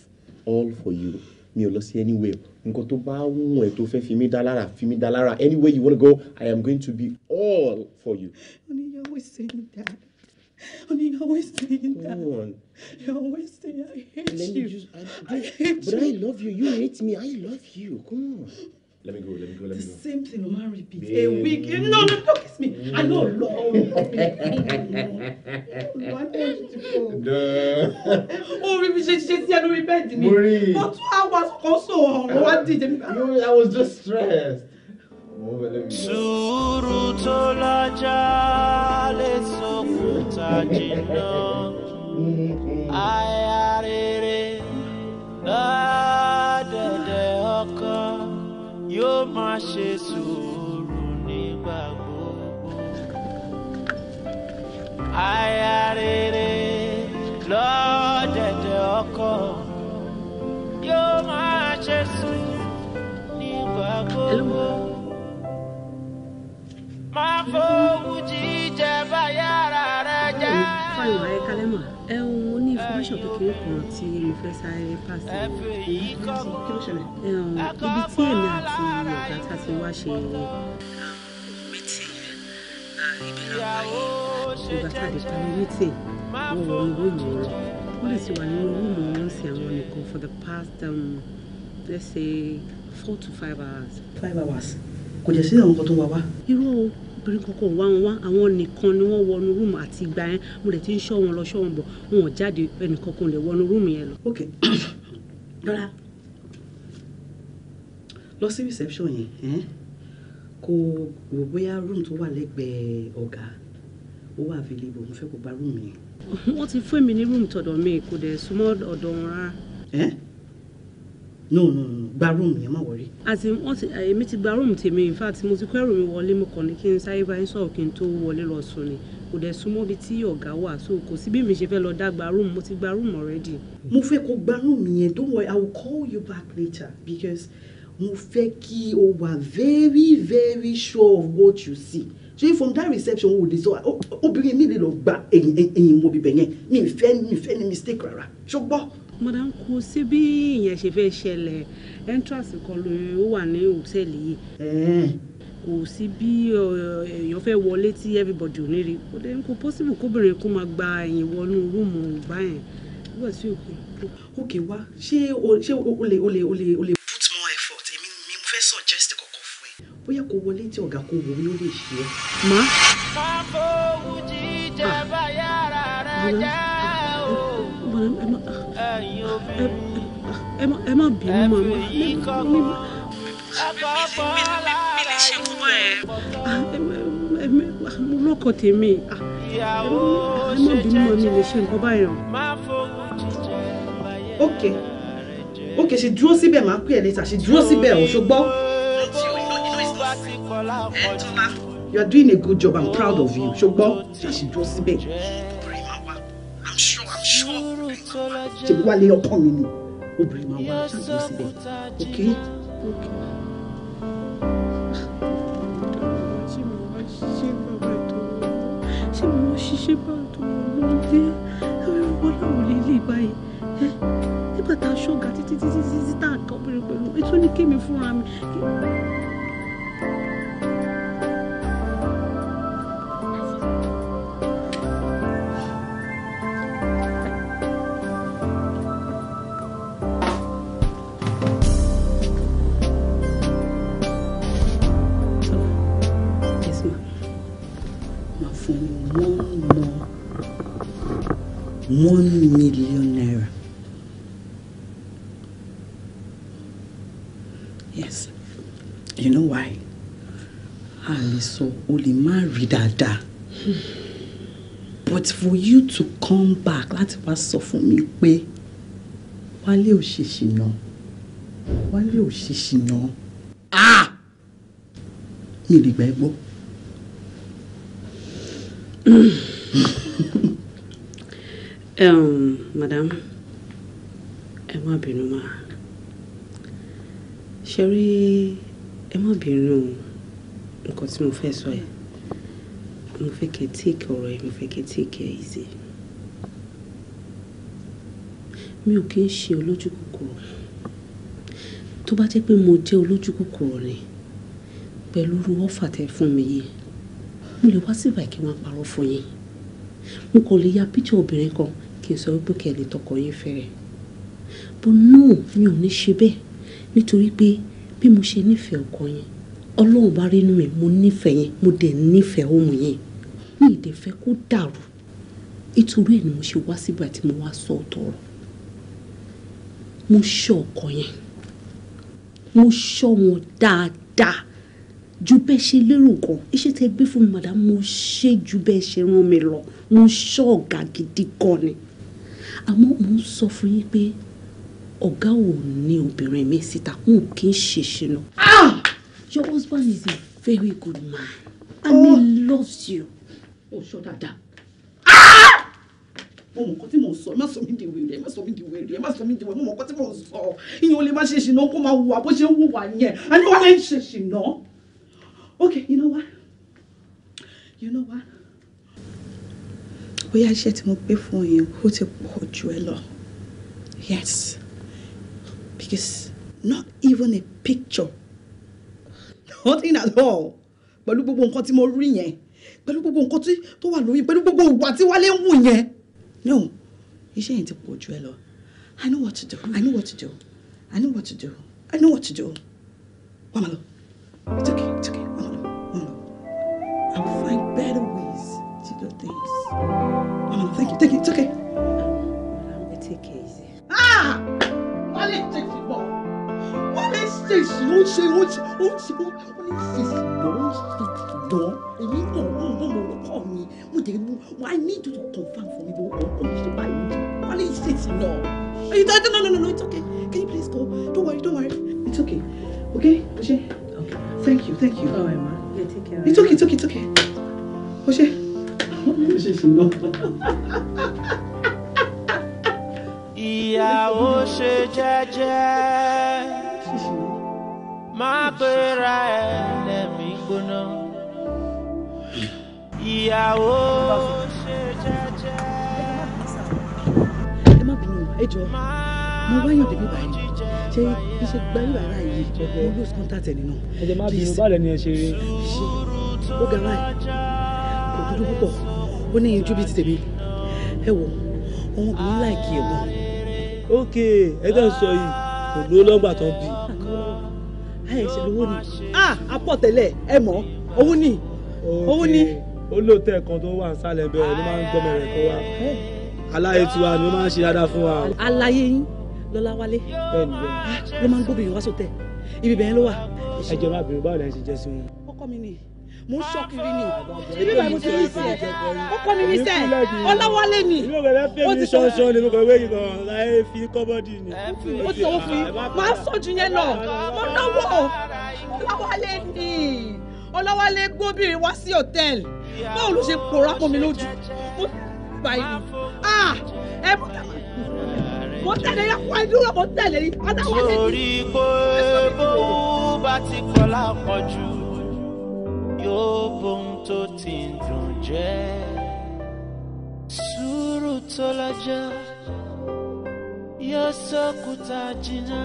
all for you mi ò lọ sí anywhere nǹkan tó bá wùn ẹ tó fẹ́ fi mí dá lára fi mí dá lára anywhere you wanna go I am going to be all for you. honey you always say that honey you always say that Come on. you always say I hate Let you, just, I, I hate but you but I love you you hate me I love you come on let me go let me go let the me go. the same thing o ma repeat Babe. a week no no don't kiss me i know. <laughs> no lo o o rí oh, ṣe ṣe sí ẹnu rí bẹ́ẹ̀dì mi for two hours kan so ọ̀rọ̀ wa ah. díje mi. i was just stressed. Oh, sùúrù tó lọ́jà lè sọkúta jìnnà àyà <laughs> rere lọ́wọ́ ó máa ṣe sùúrù nígbà gbogbo. Aya rere lọ́dẹ̀dẹ̀ ọkọ yóò máa ṣe sùúrù nígbà gbogbo. Máa fowó jíjẹ bá yàrá rẹ jẹ́ ẹ ń mo ní information kékeré kan tí mo fẹ́ sáré pàṣẹ kí ibi tí èmi àti ọ̀gá tá ti wá ṣe mítì ìgbà tá a lè parí mítì wọ́n wọ inú rúùmù wọn wọ́n lè ti wà nínú rúùmù wọn sí àwọn nìkan for the past um, let's say four to five hours. five hours kò jẹ́ sí àwọn kan tó wà wá. irú o obìnrin kankan wá wọn wá àwọn nìkan ni wọ́n wọnú rúùmù àti ìgbà yẹn mo lè ti ń ṣọ́ wọn lọ ṣọ́ wọn bọ̀ wọn ò jáde ẹnìkankan lè wọnú rúùmù yẹn lọ. ok dọ́là <coughs> lọ sí reception yẹn kó wò bóyá rúùmù tó wà lẹ́gbẹ̀ẹ́ ọ̀gá ó wà available mo fẹ́ kó gba room yẹn. wọ́n ti fún mi ní room tọ̀dọ̀ mi kò dẹ̀ súnmọ́ ọ̀dọ̀ wọn rárá no no no gba rúùmù yẹn má wọrí. àti wọn ti eh, èmi ti gba room tèmi in fact mo ti kó ẹrù mi wọlé mo kàn ní kí n sáré bá yín sọ̀rọ̀ kí n tó wọlé lọ sùn ni kò dẹ̀ súnmọ́ bíi tí ọ̀gá wà so kò sí bí mi ṣe fẹ́ lọ dá gba rúùmù mo ti gba rúùmù already. mo fẹ́ kó gba rúùmù yẹn don't worry i will call you back later because mo fẹ́ kí o wà very very sure of what you see so from that reception wo de sọ obìnrin mi lè lọ gba ẹ̀yìn ẹ̀yìn wo bíbẹ̀ yẹn mi ìfẹ́ mi ìfẹ́ ni mistake rárá ṣùgbọ́n madam kò sí bí ìyẹn ṣe fẹ́ ṣẹlẹ̀ entrance kan ló wà ní hòtẹ́ẹ̀lì yìí kò sí bí èèyàn fẹ́ wọlé tí everybody ò ní rí kò dé kò possible kóbìnrin kó máa gba ẹ̀yìn wọnú rúùmù báyẹn nígbà tí òkè. òkè wá ṣé o lè o lè o lè o lè. put more effort èmi mi mo fẹ́ suggest kọ̀kọ̀ fún ẹ. bóyá kó wọlé tí ọ̀gá kó wò ó lè ṣe é. má. ká fowó jíjẹ ah. bá yàrá rẹ jẹ́ mọ ẹ mọ ẹ mọ bínú mọ mi. mi lè ṣe kúmọ ẹ. mo lọkọ tèmi ẹ mọ bínú mọ mi lè ṣe nǹkan báyìí o. ok ok ṣe dúró síbẹ̀ máa pè ẹ́ létà ṣe dúró síbẹ̀ ò ṣùgbọ́n. You are doing a good job. I'm proud of you. she ṣàṣì dúró síbẹ̀ ṣe wálé ọkọ mi ni obìnrin máa wá ṣàkóso síbẹ̀ ok. nígbà tá a ṣọ́ọ̀gà títí títí títí tá a kọ́ pẹ̀lú pẹ̀lú ètò ní fúnra mi. one million naira. Yes, you know why? A lè sọ o lè má But for you to come back láti wá sọ fún mi pé Wálé ò ṣe ṣìnà. Wálé ò ṣe ṣìnà. Ah! Mi lè gbà ẹ́ <laughs> um, madam Emma Binuma, Sherry Emma Binu, rí ẹ má bínú nǹkan tí mo fẹ́ sọ yìí mo fẹ́ kẹ́ tíìkì ọ̀rọ̀ yìí mo fẹ́ kẹ́ tíìkì ẹ̀ yìí sí mi ò kí ń ṣe olójú kòkòrò tó bá jẹ́ pé mo jẹ́ olójú kòkòrò ni pẹ̀lú irú ọ́fà tẹ fún mi yìí mo lè wá síbà kì í sọ wípé kẹ́ ẹ lè tọkọ yín fẹ́rẹ̀ but no mi ò ní ṣe bẹ́ẹ̀ nítorí pé bí mo ṣe nífẹ̀ẹ́ ọkọ yẹn ọlọ́run bá rí inú mi mo nífẹ̀ẹ́ yẹn mo dẹ̀ nífẹ̀ẹ́ ohun yẹn mi ì fẹ́ kó dàrú nítorí ẹ̀ ni mo ṣe wá sígbà tí mo wá sọ ọ̀tọ̀ ọ̀rọ̀ mo ṣọ́ ọkọ yẹn mo ṣọ́ wọn dáadáa ju bẹ́ẹ̀ ṣe lérò gan iṣẹ́ tẹ gbé fún mi madam mo ṣe ju bẹ́ẹ̀ ṣe rán mi lọ mo ṣọ́ ọ̀gá gidi gan ni àmọ́ mò ń sọ fún yín pé ọ̀gá ò ní obìnrin mi síta wọn ò kí ṣe ṣìnà. Ah! your husband is a very good man and he oh. loves you. ó sọ dáadáa. Ah! mo mọ̀ nǹkan tí mò sọ ẹ má sọ mí di wèrè ẹ má sọ mí di wèrè ẹ má sọ mí di wèrè mo mọ̀ nǹkan tí mò sọ ìyẹn ò lè má ṣe ṣìnà kó máa wùwà bó ṣe ń wùwà yẹn a ní wọn lè ṣe ṣìnà. okay you know what you know what bóyá iṣẹ́ tí mo gbé fún ẹ yẹn ó ti pọ̀ ju ẹ lọ. Yes, because not even a picture, nothing at all, pẹ̀lú gbogbo nǹkan tí mo rí yẹn, pẹ̀lú gbogbo nǹkan tó wà lórí, pẹ̀lú gbogbo ìwà tí Wálé ń wù yẹn. No, iṣẹ́ yẹn ti pọ̀ ju ẹ lọ. I know what to do, I know what to do, I know what to do, I know what to do. Wàmàlọ́, it's okay, it's okay, Wàmàlọ́, Wàmàlọ́, I will find better. Oh, no, thank you, thank you. It's okay. I take it easy. Ah! Wálé tètè bọ̀. Wálé ṣèṣì ó ń ṣe say, ń say, ó say. ṣe Wálé ṣèṣì bọ̀ ó ń ṣe dùn. Èmi kò mú mọ́ mo lọ́kọ̀ mi. Mo dé mú wá ní ìdúró confam fún mi bó ọkọ̀ mi ṣe báyìí. Wálé ṣèṣì lọ. Ẹyin tó ẹ no no no no it's okay. Can you please go? Don't worry don't worry. It's okay. Okay? Oṣé. Okay. Thank you thank you. All right ma. Yeah take care. It's okay it's okay it's okay. Oṣé. Okay ṣèṣìnà. ìyàwó ṣe jẹ́jẹ́ má pera ẹ̀ lẹ́mí gbóná. ìyàwó ṣe jẹ́jẹ́. ẹ má bínú ẹ jọ mo wáyọ̀ débi báyìí ṣe bí ṣe gba yóò yìí mo lose contact ẹ̀ nínú. ẹ jẹ́ má bínú báàlẹ̀ ni ẹ ṣe rí. ó ga báyìí dúdú púpọ̀ ó ní ìjú bíi ti tèmi ẹ wò òun kì í láìkí ẹ gan. ok ẹgbẹ́ sọ yìí kò ló lọ́gbà tán bí. àìsè lówó ni ah, apọ̀ tẹ́lẹ̀ ẹ mọ̀ owó ni owó ni. ó lò tẹ́ ẹ̀kan tó wà nísàlẹ̀ bẹ́ẹ̀ ló máa ń gbọ́mọ rẹ̀ kó wá aláyé tiwa ni ó máa ń ṣe dáadáa fún wa. aláyé yín lọ́láwálé ah, ló máa ń gbóbìnrin wá sótẹ́ ibi bẹ́ẹ̀ ló wà. ẹ jẹ́ bá bìnrin báwo ni ẹ ṣe jẹ́ sí wọn. ọkọ mi nìyí mo ń ṣọkiri ni ibi bàbá mo ti rí sí ẹ ó kọ́ mi níṣẹ́ ọláwálé ni ó ti sọ ṣọ́ọ́ ni mo kọ̀ wé yìí kan láyé fi kọ́bọ́dì ni. ó ti ah, sọ fún mi màá sọ̀jú yẹn lọ mo náwó ọláwálé ni ọláwálé gbóbìnrin wá sí hòtẹ́ẹ̀lì báwo ló ṣe pòórá pọ̀ mi lójú mo gbà yìí ah ẹ mú kàmá mo tẹ̀lé yà kó ẹdúró mo tẹ̀lé yìí adáwọ̀ lẹ́yìn. torí pé bó bá ti kọ́ lápọ̀jù yóò bóun tó ti ń dùn jẹ́ sùúrù tó lọ́jọ́ yóò sókúta jìnnà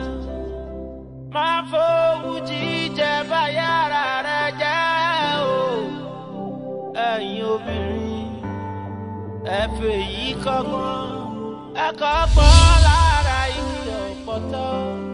má fowú jíjẹ bá yàrá rẹ jẹ́ o ẹ̀yin obìnrin ẹ fèyí kọ́gbọ́n ẹ kọ́gbọ́n lára ilé ọ̀pọ̀tọ́.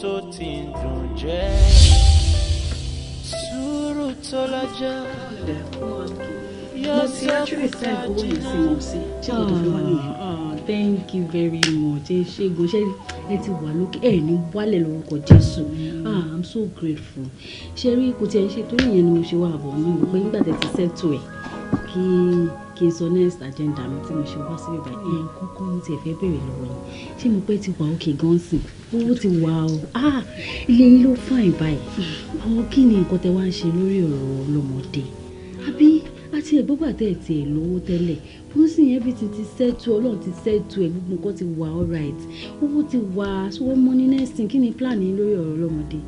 tó ti ń dùn jẹ́ sùúrù tó jẹ́. Ah, ah, ah. thank you very much ẹ ṣègùn ṣe ẹ ti wà lókè ẹ ní wálẹ̀ lórúkọ jésù mm. ah i'm so grateful ṣe rí kò tí ẹ ṣe torí ìyẹn ni mo ṣe wà bọ̀ mi ò pé nígbà tẹ ti ṣètò ẹ̀ kí kí n sọ next agenda mi tí mo ṣe wá síbí báyìí ẹ̀yìn kọ́kọ́ mo ti ẹ̀fẹ́ bèrè lọ́wọ́ yìí ṣé mo pẹ́ ti wà òkè gan sìn owó ti wà o ah, ilé yín ló fàìn báyìí àwọn kí ni nǹkan tẹ wá ń ṣe lórí ọ̀rọ̀ ọlọ́mọdé àbí àti ẹ̀gbọ́gbà tẹ̀ tiẹ̀ lówó tẹ́lẹ̀ pósí yẹn bí ti ti sẹ́tù ọlọ́run ti sẹ́tù ẹ̀ gbogbo nǹkan ti wà alright owó ti wà so wọ́n mọ́ ní next thing kí ni plan yín lórí ọ̀rọ̀ ọlọ́mọdé.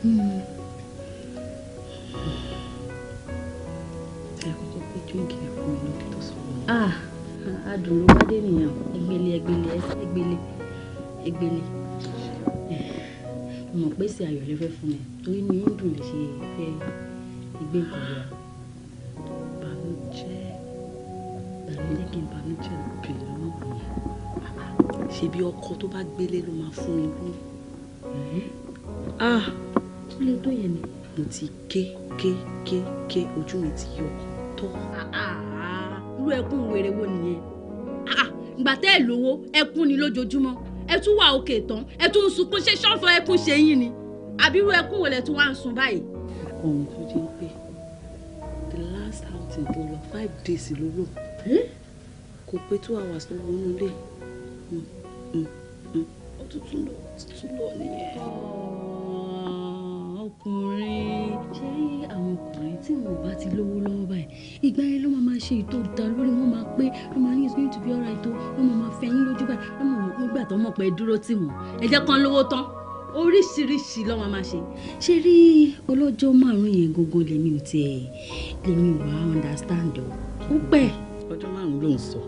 Hmm. Hmm. ah adùn ló wá dé nìyẹn ẹgbẹ̀lẹ̀ ẹgbẹ̀lẹ̀ ẹgbẹ̀lẹ̀ ẹgbẹ̀lẹ̀ mọ̀ pé sí ayọ̀ lè fẹ́ fún mi torí mi ń dùn lè ṣe fẹ́ ìgbé ìkọ̀yà bànújẹ́ bànújẹ́ kí n bànújẹ́ bìnrin náà ṣe bí ọkọ tó bá gbélé ló máa fún mi lóyún ah kí ló tó yẹn ni mo ti ké ké ké ké ojú mi ti yọ tọ́ ah ah irú ẹkún wèrè wo nìyẹn ah, ah, ìgbà tẹ́ ẹ̀ lówó ẹkún ni lójoojúmọ́ ẹ tún wà òkè tán ẹ tún ń sunkún ṣe ṣọ́ọ̀fọ̀ ẹkún ṣe yín ni àbí irú ẹkún wo lẹ tún wá ń sun báyìí. ọ̀hún tó jẹ́ pé the last outing tó lọ five days ló lò kò pé two hours ló wọnú ilé mm, mm, mm. ó tún tún lọ nìyẹn ọkùnrin ṣé àwọn ọkùnrin tí wọn ò bá ti lówó lọ́wọ́ báyìí ìgbà yẹn ló máa máa ṣe ìtò da lórí wọn máa pé wọn máa ní it's going to be alright tó wọn máa máa fẹyín lójú báyìí wọn máa mọ nígbà tó mọ̀ pé dúró tì wọ́n ẹ jẹ́ kán lówó tán oríṣiríṣi ló máa máa ṣe ṣe rí ọlọ́jọ́ márùn-ún yẹn gangan lèmi ò tiẹ̀ lèmi ò wá understand o ó pẹ́ ọjọ́ márùn-ún ló ń sọ. So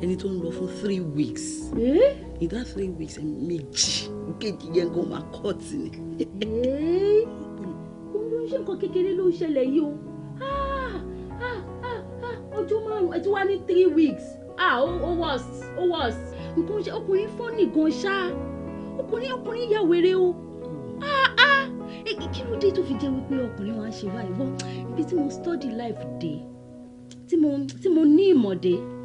ẹni tó ń lọ fún three weeks. Eh? in that three weeks méjì méjì yẹn gan máa kọ́ tì ní. olórí ṣe nǹkan kékeré ló ń ṣẹlẹ̀ yìí o ah, ah, ah, ọjọ́ márùn-ún ẹ ti wá ní three weeks ó worst ó worst nǹkan ṣe ọkùnrin fọ́ọ̀nì gan ṣá ọkùnrin ọkùnrin yà wèrè o kí ló dé tó fi jẹ́ wípé ọkùnrin wa ń ṣe báyìí wọ́n ibi tí mo study life dé tí mo ní ìmọ̀ dé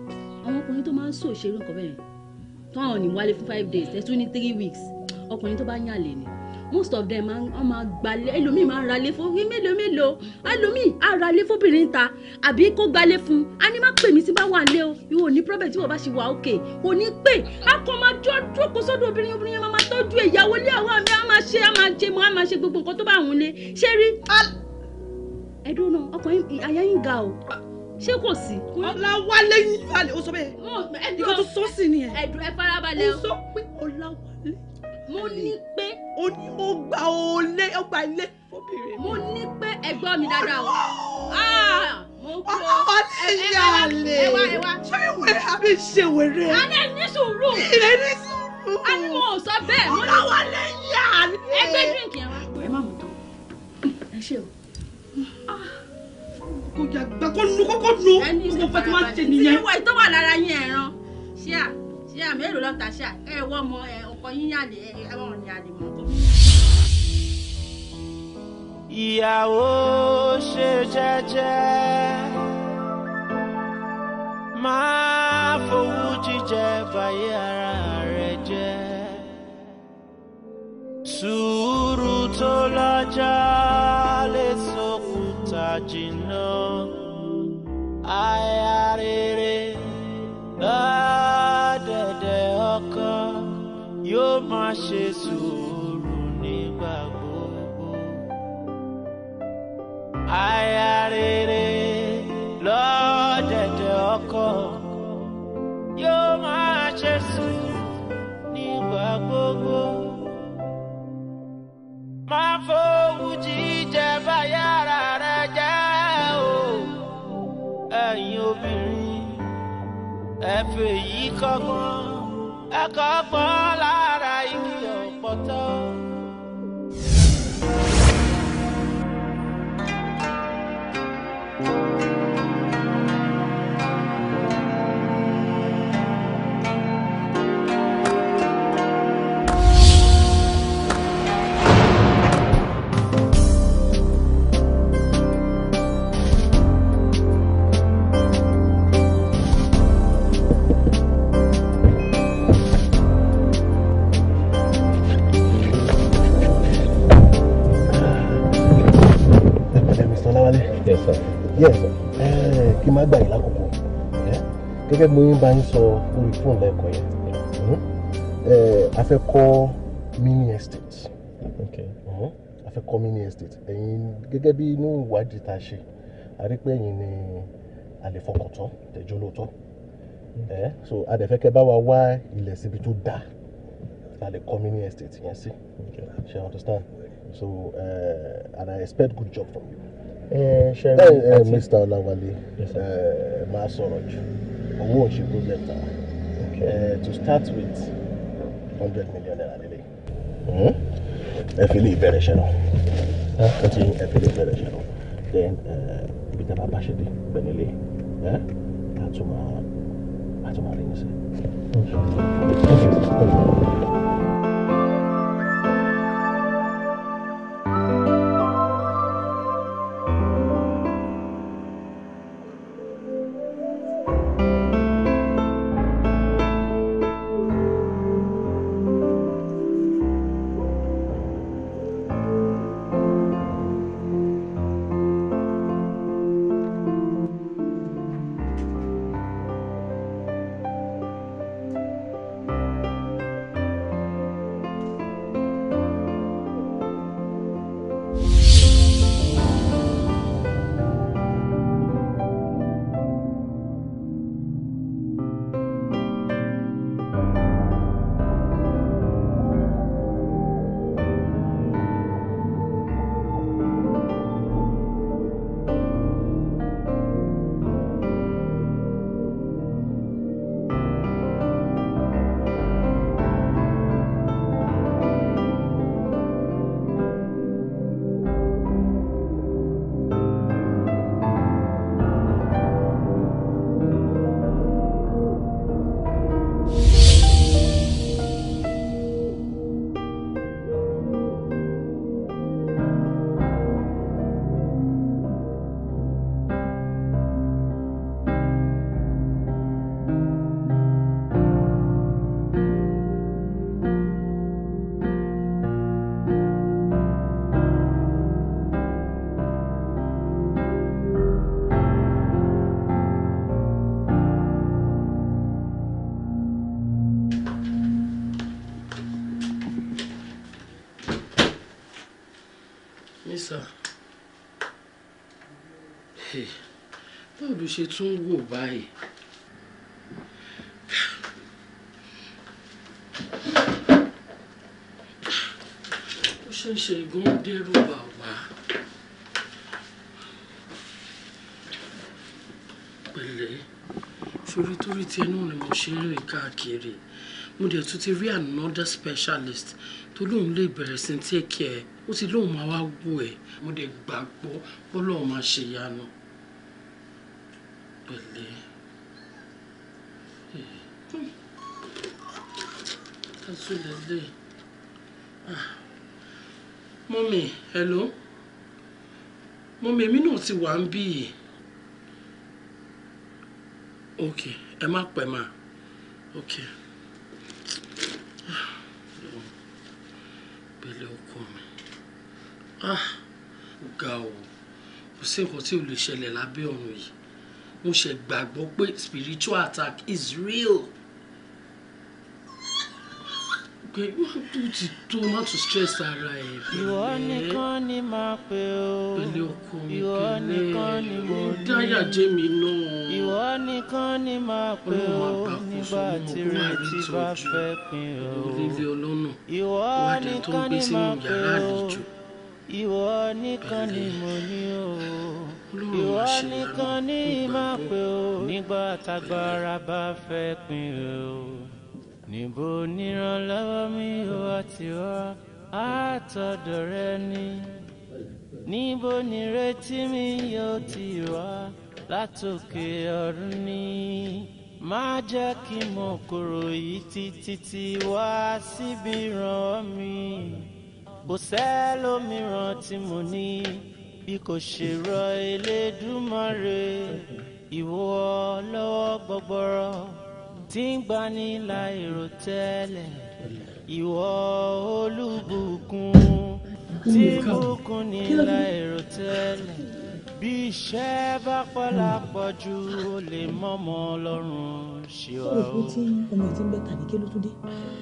àwọn ọkùnrin tó máa ń sọ òṣèré nǹkan bẹ́ẹ̀ táwọn ní wálé fún five days ẹtún ní three weeks ọkùnrin tó bá yàn lè ní most of them wọ́n máa gbalẹ̀ ẹlòmíì máa ń ralé fún orí mélòó mélòó ẹlòmíì á ralé fóbìnrin ta àbí kó gbalé fún a ní má pè mí tí bá wà lé o ìwọ ní problem tí wọ́n bá ṣe wà òkè kò ní pè á kàn máa jọ jókòó sọ́dọ̀ obìnrin obìnrin yẹn máa máa tọ́jú ìyàwó ilé àwọn àmì á máa ṣe á máa jẹ mọ́ á máa ṣe gbogbo nǹkan tó bá wùn lé ṣé rí. ẹ̀dùn náà ọkùnrin àyà yín ga o ṣé kò sí. ọláwálé yín balẹ̀ o sọ bẹ́ẹ̀ nǹkan tó sọ sí nìyẹn. ẹ̀dùn ẹ farabalẹ̀ o. o sọ pé ọláwálé. mo ní pé. o ní o gba olé o gba ilé fóbìnrin. mo ní pé ẹ̀gbọ́n mi dáadáa o. Ah, mo kú ọ ẹ̀yàlè ṣé ìwé àbí ṣe wèrè. alẹ́ ní sùúrù. ilẹ̀ ní sùúrù. a ní mo sọ bẹ́ẹ̀. ọláwálé yà á ẹgbẹ́ dírìnkì ẹ wá. ẹ má mú tó ẹ ṣe o. Ah kó yàgbẹ́ kó nu kó kó nu gbogbo fẹ́ tí wọ́n ṣe nìyẹn. ìwọ ìtọ́ wà lára yín ẹ̀ràn ṣíà ṣíà mélòó lọ́ta ṣíà ẹ wọ́ ọmọ ẹ ọkọ yín yàlẹ̀ ẹ wọ́n ní àlè mọ́ kó. ìyàwó ṣe jẹ́jẹ́ máa fowó jíjẹ báyé ara rẹ jẹ sùúrù tó lọ́jọ́ lè sọ sajino ayarere ọdẹdẹ ọkọ yóò máa ṣe sùúrù nígbà gbogbo ayarere lọdẹdẹ ọkọ yóò máa ṣe sùúrù nígbà gbogbo máa fowó je báyà rárá ẹ̀yin obìnrin ẹ̀fẹ̀ yìí kọ́gbọ́n ẹ̀kọ́ gbọ́n lára igi ọ̀pọ̀tọ́. yes sir. yes sir kí n má gbà yín lákòókò gẹ́gẹ́ bí mo yín bá yín sọ lórí fóònù lẹ́ẹ̀kan yẹn mm-hmm. a mini estate mm-hmm. a fẹ́ kọ́ mini estate ẹ̀yin gẹ́gẹ́ bí inú ìwádìí tá a ṣe a rí pé ẹ̀yin ni a tẹ̀jọ́ lóòótọ́ mm-hmm. so a dẹ̀ bá wa wá ilẹ̀ síbi tó dáa la kọ́ mini estate yẹn sí ṣe understand so uh, and I expect good job from you ẹ ẹ Mr. Olawale, ẹ máa sọ̀rọ̀ jù owó ò ṣe problem ta to start with hundred million naira lélẹ̀ hmm? ẹ fi lè bẹ̀rẹ̀ ṣẹ́ lọ ẹ ti ẹ fi lè bẹ̀rẹ̀ ṣẹ́ lọ then ibi tí a bá bá ṣe dé gbẹ̀nilé ẹ àtúmọ̀ àtúmọ̀ àríyìn sí. ṣe tún wò báyìí. ó ṣẹ̀ṣẹ̀ gan dẹ́rù bà wá pẹ̀lẹ́ torí torí tiẹ̀ náà ni mo ṣe ń rìn káàkiri mo dẹ̀ tún ti rí another specialist tó lóun lè bẹ̀rẹ̀ sí take care ó ti lóun máa wá wò ẹ́ mo dẹ̀ gbàgbọ́ pé máa ṣèyanu pẹ̀lẹ́ hm. kásùlẹ̀lẹ̀ ah. mọ́mì hello mọ́mì èmi náà ti wà ń bí yìí ok ẹ má pẹ́ mà ok ah. pẹ̀lẹ́ ọkọ mi ó ah. ga o kò sí nǹkan tí ò lè mo ṣe gbàgbọ́ pé spiritual attack is real pé tó ti tó má tún stress ara ẹ̀ pẹ̀lẹ́ pẹ̀lẹ́ ọkọ mi pẹ̀lẹ́ mo dáyà jẹ́ mi náà ìwọ nìkan ni máa pè ó nígbà tí retí bá fẹ́ pin ìwọ nìkan ni máa pè ó ìwọ nìkan ni mo ní ó ìwọ nìkan ní ìmọ̀ pé o nígbà tágbára bá fẹ́ pin o níbo nírànlọ́wọ́ mi ò àti wá àtọ̀dọ̀ rẹ ni níbo nírètí mi yóò ti wá látòkè ọ̀run ni má jẹ́ kí mo kúrò yìí títí tí wá síbi ràn mí kò sẹ́lómìíràn tí mo ní bí kò ṣe rọ Elédùmarè ìwọ lọ́wọ́ gbọgbọrọ tí ń gbani láìrò tẹ́lẹ̀ ìwọ olùbùkún tí ń bùkún ní láìrò tẹ́lẹ̀ bí iṣẹ́ bá pọ̀ lápọ̀jù ó lè mọ́mọ́ ọlọ́run ṣe ọ́. sọ̀rọ̀ fún tí ọmọ ìtí ń bẹ́ta ní kí ló tún dé.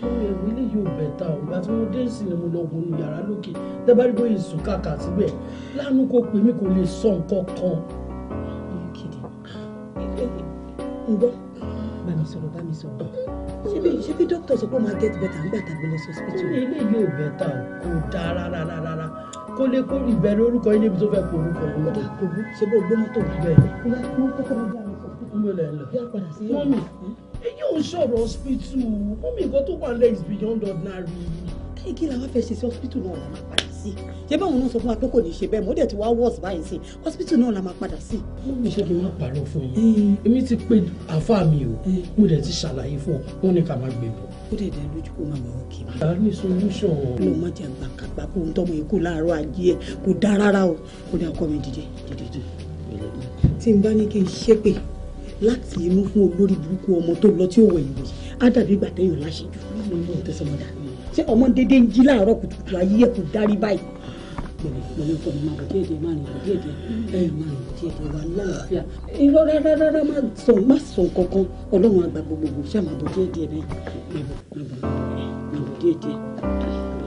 orí ẹ̀wù ilé yóò bẹ̀ta o ìgbà tí mo dé sí ni mo lọ gun yàrá lókè dábàrí bóyá èso kàkà síbẹ̀ lánàá kò pè mí kò lè sọ nǹkan kan. ǹgbọ́ bá mi sọ̀rọ̀ bá mi sọ̀rọ̀ ṣé bí dókítà sọ pé ó máa get better nígbà tàbí lọ sí hospital. ilé yóò bẹ̀ta o kò dáa rárá rárá kó lè kó ìbẹ̀ lórúkọ yín níbi tó fẹ́ kó orúkọ yín. ó dà kó bú ṣe bó gbé mọ́tò bẹ́ẹ̀ ni. ìyá mo ń kọ́kọ́ bí àwọn ọkọ̀ fún mi lẹ̀ lọ. yá padà sí mọ́mì èyí ò ń sọ̀rọ̀ hospital mọ́mì nǹkan tó wà lẹ́ beyond ordinary. káyì kí làwọn fẹ́ ṣe sí hospital náà la máa padà sí. ṣé báwọn náà sọ fún wa pé kò ní ṣe bẹ́ẹ̀ mo dẹ̀ ti wá wọ́ọ̀sì báyìí sí hospital náà la máa padà sí. mọ́mì ṣé kí n má parọ́ fún yín eh. èmi o eh. mo dẹ̀ ti ṣàlàyé fún ọ wọ́n ní ó dẹ̀ dá lójú kó màmá òkè mi. a ní solution. ló mọ jẹ gbàǹkàgbà kó ń tọmọ ikú láàárọ̀ ajé ẹ kò dá rárá o ó ní ọkọ mi dìde dìde dùn. tí n bá ní kí n ṣépè láti inú fún olórí burúkú ọmọ tó lọ tí ó wọ ìwé á dàbí ìgbà téèyàn láṣejù ló ń tẹsán mọ́dà ṣé ọmọ dédé ń jí láàárọ̀ kùtùkùtù ayé ẹ kò dárí báyìí. mo ní kọ́ ni máa bọ̀ díẹ̀díẹ̀ máa rìn bọ̀ díẹ̀díẹ̀ ẹ̀ máa rìn kí ẹ lè wà láàfíà irọ́ rárá rárá má sọ má sọ kankan ọlọ́run àgbà gbogbogbò ṣáà má díẹ̀ díẹ̀ bẹ́ẹ̀ má díẹ̀ díẹ̀ má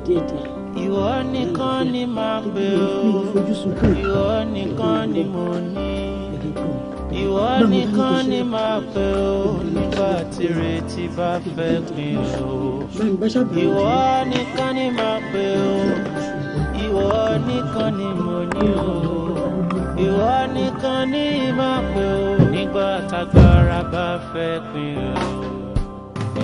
díẹ̀ díẹ̀. ìwọ nìkan ni màá pè ó ìwọ nìkan ni mo ní ìwọ nìkan ni màá pè ó nígbà tìrètí bá fẹ́ pin ó ìwọ nìkan ni màá pè ó ìwọ nìkan ni mo ní ó ìwọ nìkan ní máa pè ó nígbà tágbára bá fẹ́ pin ó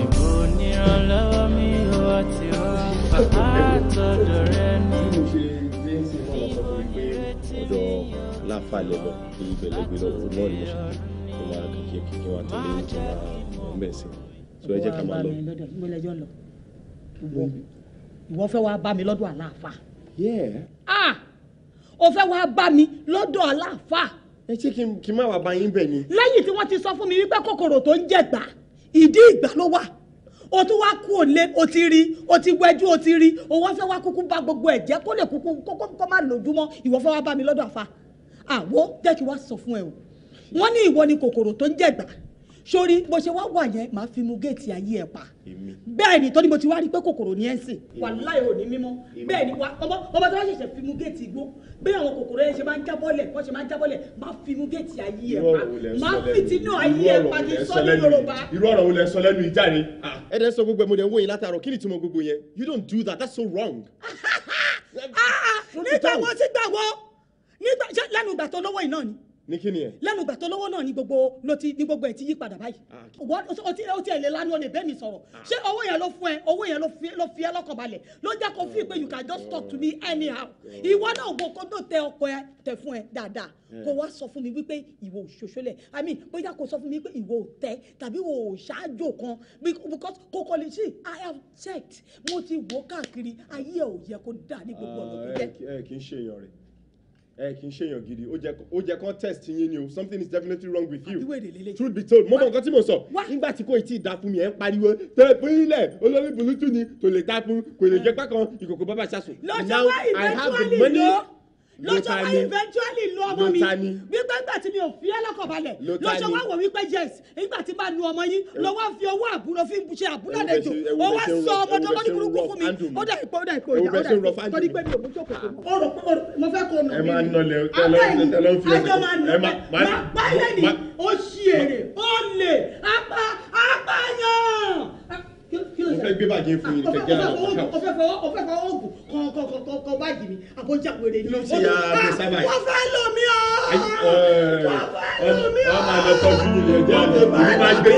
ìbò onírànlọ́wọ́ mi wá ti wá bàbá àtọ̀dọ̀ rẹ ní. ọ̀dọ̀ láfàlẹ̀ lọ kí ìbẹ̀lẹ̀gbẹ̀ lọ òun náà ni mo máa kékeré kékeré wa tẹ̀lé ní kí n máa sí i so ká máa lọ. ìwọ fẹ́ wá bá mi lọ́dọ̀ àlàáfà. ah o fẹ́ wá bá mi lọ́dọ̀ aláàfáà. ẹ ṣé kí n má wàá bá yín bẹ̀ ni. lẹ́yìn tí wọ́n ti sọ fún mi wípé kòkòrò tó ń jẹ̀gbà ìdí ìgbà ló wà o tún wá kú òlé o ti rí o ti wẹjú o ti rí o wọ́n fẹ́ wá kúkú bá gbogbo ẹ̀ kó lè kúkú kó má lójúmọ́ ìwọ fẹ́ wá bá mi lọ́dọ̀ àfa àwo jẹ́ kí wá sọ fún ẹ o wọ́n ní ìwọ ni kòkòrò tó ń jẹ̀gbà sórí bó ṣe wá wà yẹn màá fi mu géètì ayé ẹ pa bẹ́ẹ̀ ni tọ́ni mo ti wá rí pé kòkòrò ní ẹ̀ ń sìn wàláhì ò ní mímọ́ bẹ́ẹ̀ ni ọmọ ọmọ tí wọ́n ṣẹ̀ṣẹ̀ fi mu géètì igbó bí àwọn kòkòrò yẹn ṣe máa ń jábọ́lẹ̀ wọ́n ṣe máa ń jábọ́lẹ̀ máa fi mu géètì ayé ẹ pa máa fi tinú ayé ẹ pa kí sọ ní Yorùbá. irú ọ̀rọ̀ wo lẹ sọ lẹ́nu ìjà ni. Ah. ẹ dẹ́ sọ gbogbo ẹ̀ mo dẹ̀ ń wòye látàárọ̀ kí ni ìtumọ̀ gbogbo yẹn you don't do that that's so wrong. <laughs> Ah, ah, nígbà wọn ti gbàgbọ́ lẹ́nu ìgbà tó lọ́wọ́ ì ní kí ni ẹ. lẹ́nu ìgbà tó lówó náà ni gbogbo ló ti ni gbogbo ẹ ti yí padà báyìí. Ah, o ti o ti ẹ̀lẹ́ lanu ọ̀nà ìbẹ́ mi sọ̀rọ̀ ah. ṣé owó yẹn ló fún ẹ owó yẹn ló fi ẹ lọ́kàn balẹ̀ ló jẹ́ kó fi pé you can just talk to me anyhow. ìwọ náà gbọ́ kó tó tẹ ọkọ ẹ tẹ fún ẹ dáadáa kó wá sọ fún mi wípé ìwọ òṣòṣòlẹ̀ i mean bóyá kó sọ fún mi wípé ìwọ ò tẹ tàbí o ò ṣáájò kan because kò kọ́ lè ṣe i have checked mo ti wò káàkiri ayé ẹ ò yẹ kó dáa ní gbogbo ọ̀nà tó ah, jẹ́. ẹ kì í ṣe èèyàn rẹ̀ ẹ kì í ṣèyàn gidi ó jẹ kán test yín ni o something is definitely wrong with you truth be told mo mọ nǹkan tí mo sọ nígbà tí kò tí ì da fún mi ẹ ń pariwo tẹpílẹ olórí burúkú ni tòlè ta fún kò lè jẹ pákan ìkòkò bàbá ṣàṣù. lọ́jọ́ wá ìrẹ́jú àlè lọ lọ́jọ́ wa eventually lu ọmọ mi wípé nígbà tí mi ò fi ẹlẹ́kọ̀ọ́balẹ̀ lọ́jọ́ wa wọ̀ wípé yes nígbà tí máa lu ọmọ yín lọ́wọ́ fi owó àbúrò fi ṣe àbúrò lẹ́jọ́ ó wá sọ ọmọ tó lọ́dún burúkú fún mi ó dà ìpò ó dà ìpò ìyá ó dà ìpò torí pé mi ò mú jókòó ó rò mo fẹ́ kó nà mí àjọ máa nà mí máa pálẹ̀ ni ó ṣì èrè ó lè apá apá yàn mo fẹ́ gbé bàjẹ́ fún yín kẹ̀kẹ́ àwọn ọ̀gá. ọ̀fẹ́ fọwọ́ ọ̀fẹ́ fọwọ́ oògùn kan kan kan kan kan báàgì mi àbójà wèrè ni. ló ti ya mẹ́sà báyìí. wọ́n fẹ́ lò mí o. Eh, wọ́n fẹ́ lò mí o. wọ́n máa lọ tọ́jú ilé ẹja mi èmi máa gbé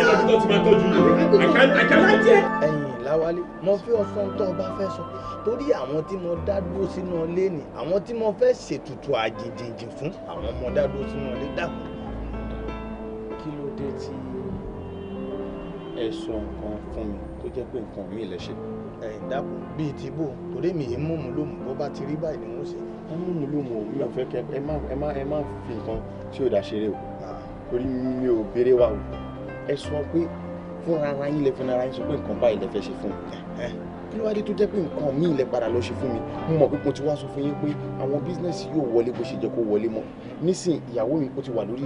mo fẹ́ ọ tó o bá fẹ́ sọ torí àwọn tí mo dá dúró sínú ilé ni àwọn tí mo fẹ́ ṣètùtù àjèjìjì fún àwọn mo dá dúró sínú ilé dàpọ̀. kí ló dé tí ẹ sọ nǹkan fún mi jẹ́ pé nǹkan mi lè ṣe. ẹ dákun bíi ti bò torí mi ì mú mu lómù bó bá ti rí báyìí ni wọ́n ṣe. ẹ mú mu lómù o mi ò fẹ́ kẹ ẹ má ẹ má ẹ má fi nǹkan tí ò dá ṣeré o ah. torí mi ò béèrè wa o ẹ sọ pé fúnra ara yín lè fúnra ara yín sọ pé nǹkan báyìí lè fẹ́ ṣe fún mi kí ló wá dé tó jẹ́ pé nǹkan míì lẹ padà lọ ṣe fún mi mo mọ̀ pé mo ti wá sọ fún yín pé àwọn bísínẹ́sì yóò wọlé bó ṣe jẹ́ kó wọlé mọ́ nísìn ìyàwó mi ó ti wà lórí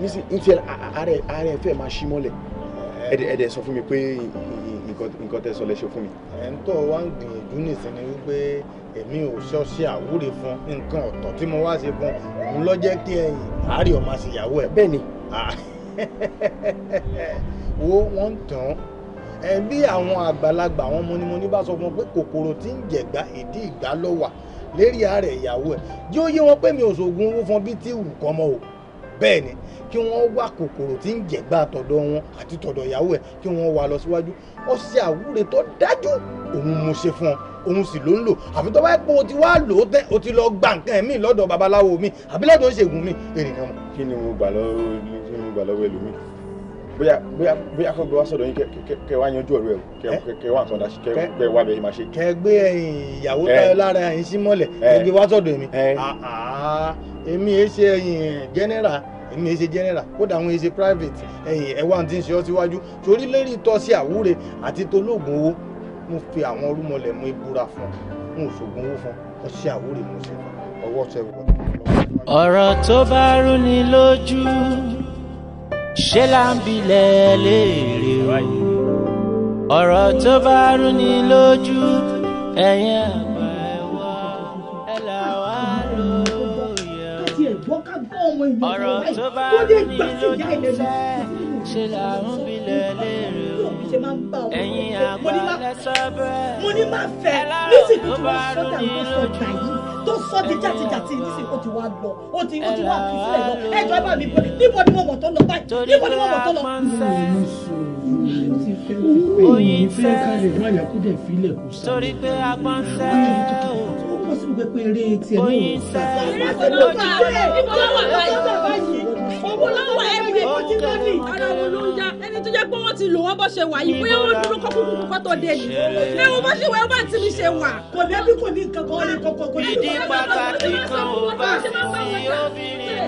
nísì ntí ààrẹ ààrẹ fẹ́ máa ṣí mọ́lẹ̀ eh. ẹ̀dẹ̀ sọ fún mi pé nǹkan tẹ́ sọ lẹ ṣe fún mi. ẹ̀ ń tọ́ wa ń gbìyànjú nìsín ni wípé èmi ò ṣọ́ọ̀ṣì àwúre fún nǹkan ọ̀tọ̀ tí mo wá ṣe fún òun lọ́jẹ́ kí ẹ̀yìn àárẹ̀ ọ̀ma ṣe ìyàwó ẹ̀. bẹ́ẹ̀ ni. <laughs> wo wọ́n ń tàn ẹ bí àwọn àgbàlagbà àwọn mọ̀nìmọ̀nì bá sọ fún wọn pé kòkòrò tí ń jẹ̀gbá ìdí ìgbà ló wà lérí àárẹ̀ ìyàwó ẹ̀ yóò yé wọn pé mi ò ṣògùn owó fún bí tí wù kọ́mọ o bẹ́ẹ̀ ni kí wọ́n wá kòkòrò tí ń jẹ̀gbá tọ̀dọ̀ wọn àti tọ̀dọ̀ ìyàwó ẹ̀ kí wọ́n wá lọ síwájú ọṣẹ àwúre tó dájú òun mo ṣe fún ọ òun sì ló ń lò àfi tó bá pé o ti wá lò ó tẹ́ o ti lọ gba nǹkan ẹ̀mí lọ́dọ̀ babaláwo mi àbí lọ́dọ̀ oṣègùn mi èrè kan. kí ni mo gbà lọ́wọ́ kí ni mo gbà lọ́wọ́ ẹlòmíì bóyá bóyá bóyá kọ́ gbé wá sọ̀dọ̀ yín kẹ wá yanjú ọ̀rọ̀ ẹ̀ o kẹ wá nǹkan dá sí kẹ wá bẹ̀ yín máa ṣe. kẹ gbé ìyàwó lára yín sí mọ́lẹ̀ kẹ gbé wá sọ̀dọ̀ mi èmi èé ṣe ẹ̀yìn eh, general èmi èé ṣe general kódà àwọn èé ṣe private ẹ̀yìn ẹ̀wà ti ń ṣe ọ́ síwájú torí lérí tọ́sí àwúre àti tolóògùn owó mo fi àwọn orúmọlẹ̀ mú ibúra fún un mo ṣògùn owó fún un ọṣẹ àwúre mo ṣe ọwọ́ ṣe wọ. ọ̀rọ̀ tó bá rú ni lójú ṣé là ń léèrè ọ̀rọ̀ tó bá rú ni lójú ẹ̀yìn àgbà. àwọn èèyàn ọ̀rọ̀ tó bá ní lójú ṣe làwọn bilẹ̀ lérò ẹ̀yìn àgbà bẹ́ẹ̀ mo ní máa fẹ́ nísìkú tó sọ di jàtijàti nísìkú tí wàá lọ ó ti ó kú sílẹ̀ lọ ẹjọ́ bá mi bọ́ níbo ni mo mọ̀ tó lọ báyìí níbo ni mo mọ̀ tó lọ. oyin fẹ́ torí pé agbọ́n fẹ́ o kò sí gbogbo eré tiẹ̀ náà. oyin sẹ́ lójú rẹ̀ owó lọ́wọ́ owó lọ́wọ́ ẹ̀mí kò ti lọ ní. ara wo ló ń ya ẹni tó jẹ́ pé wọ́n ti lò wọ́n bọ́ ṣe wà yìí bóyá wọ́n dúró kọ́kọ́ kúkú kọ́ dé yìí. ẹ wo bá ṣe wà ẹ wá tí mi ṣe wà. kò débí kò ní nǹkan kan lè kọ́kọ́ kò ní. ìdí pàtàkì kan ò bá sí obìnrin.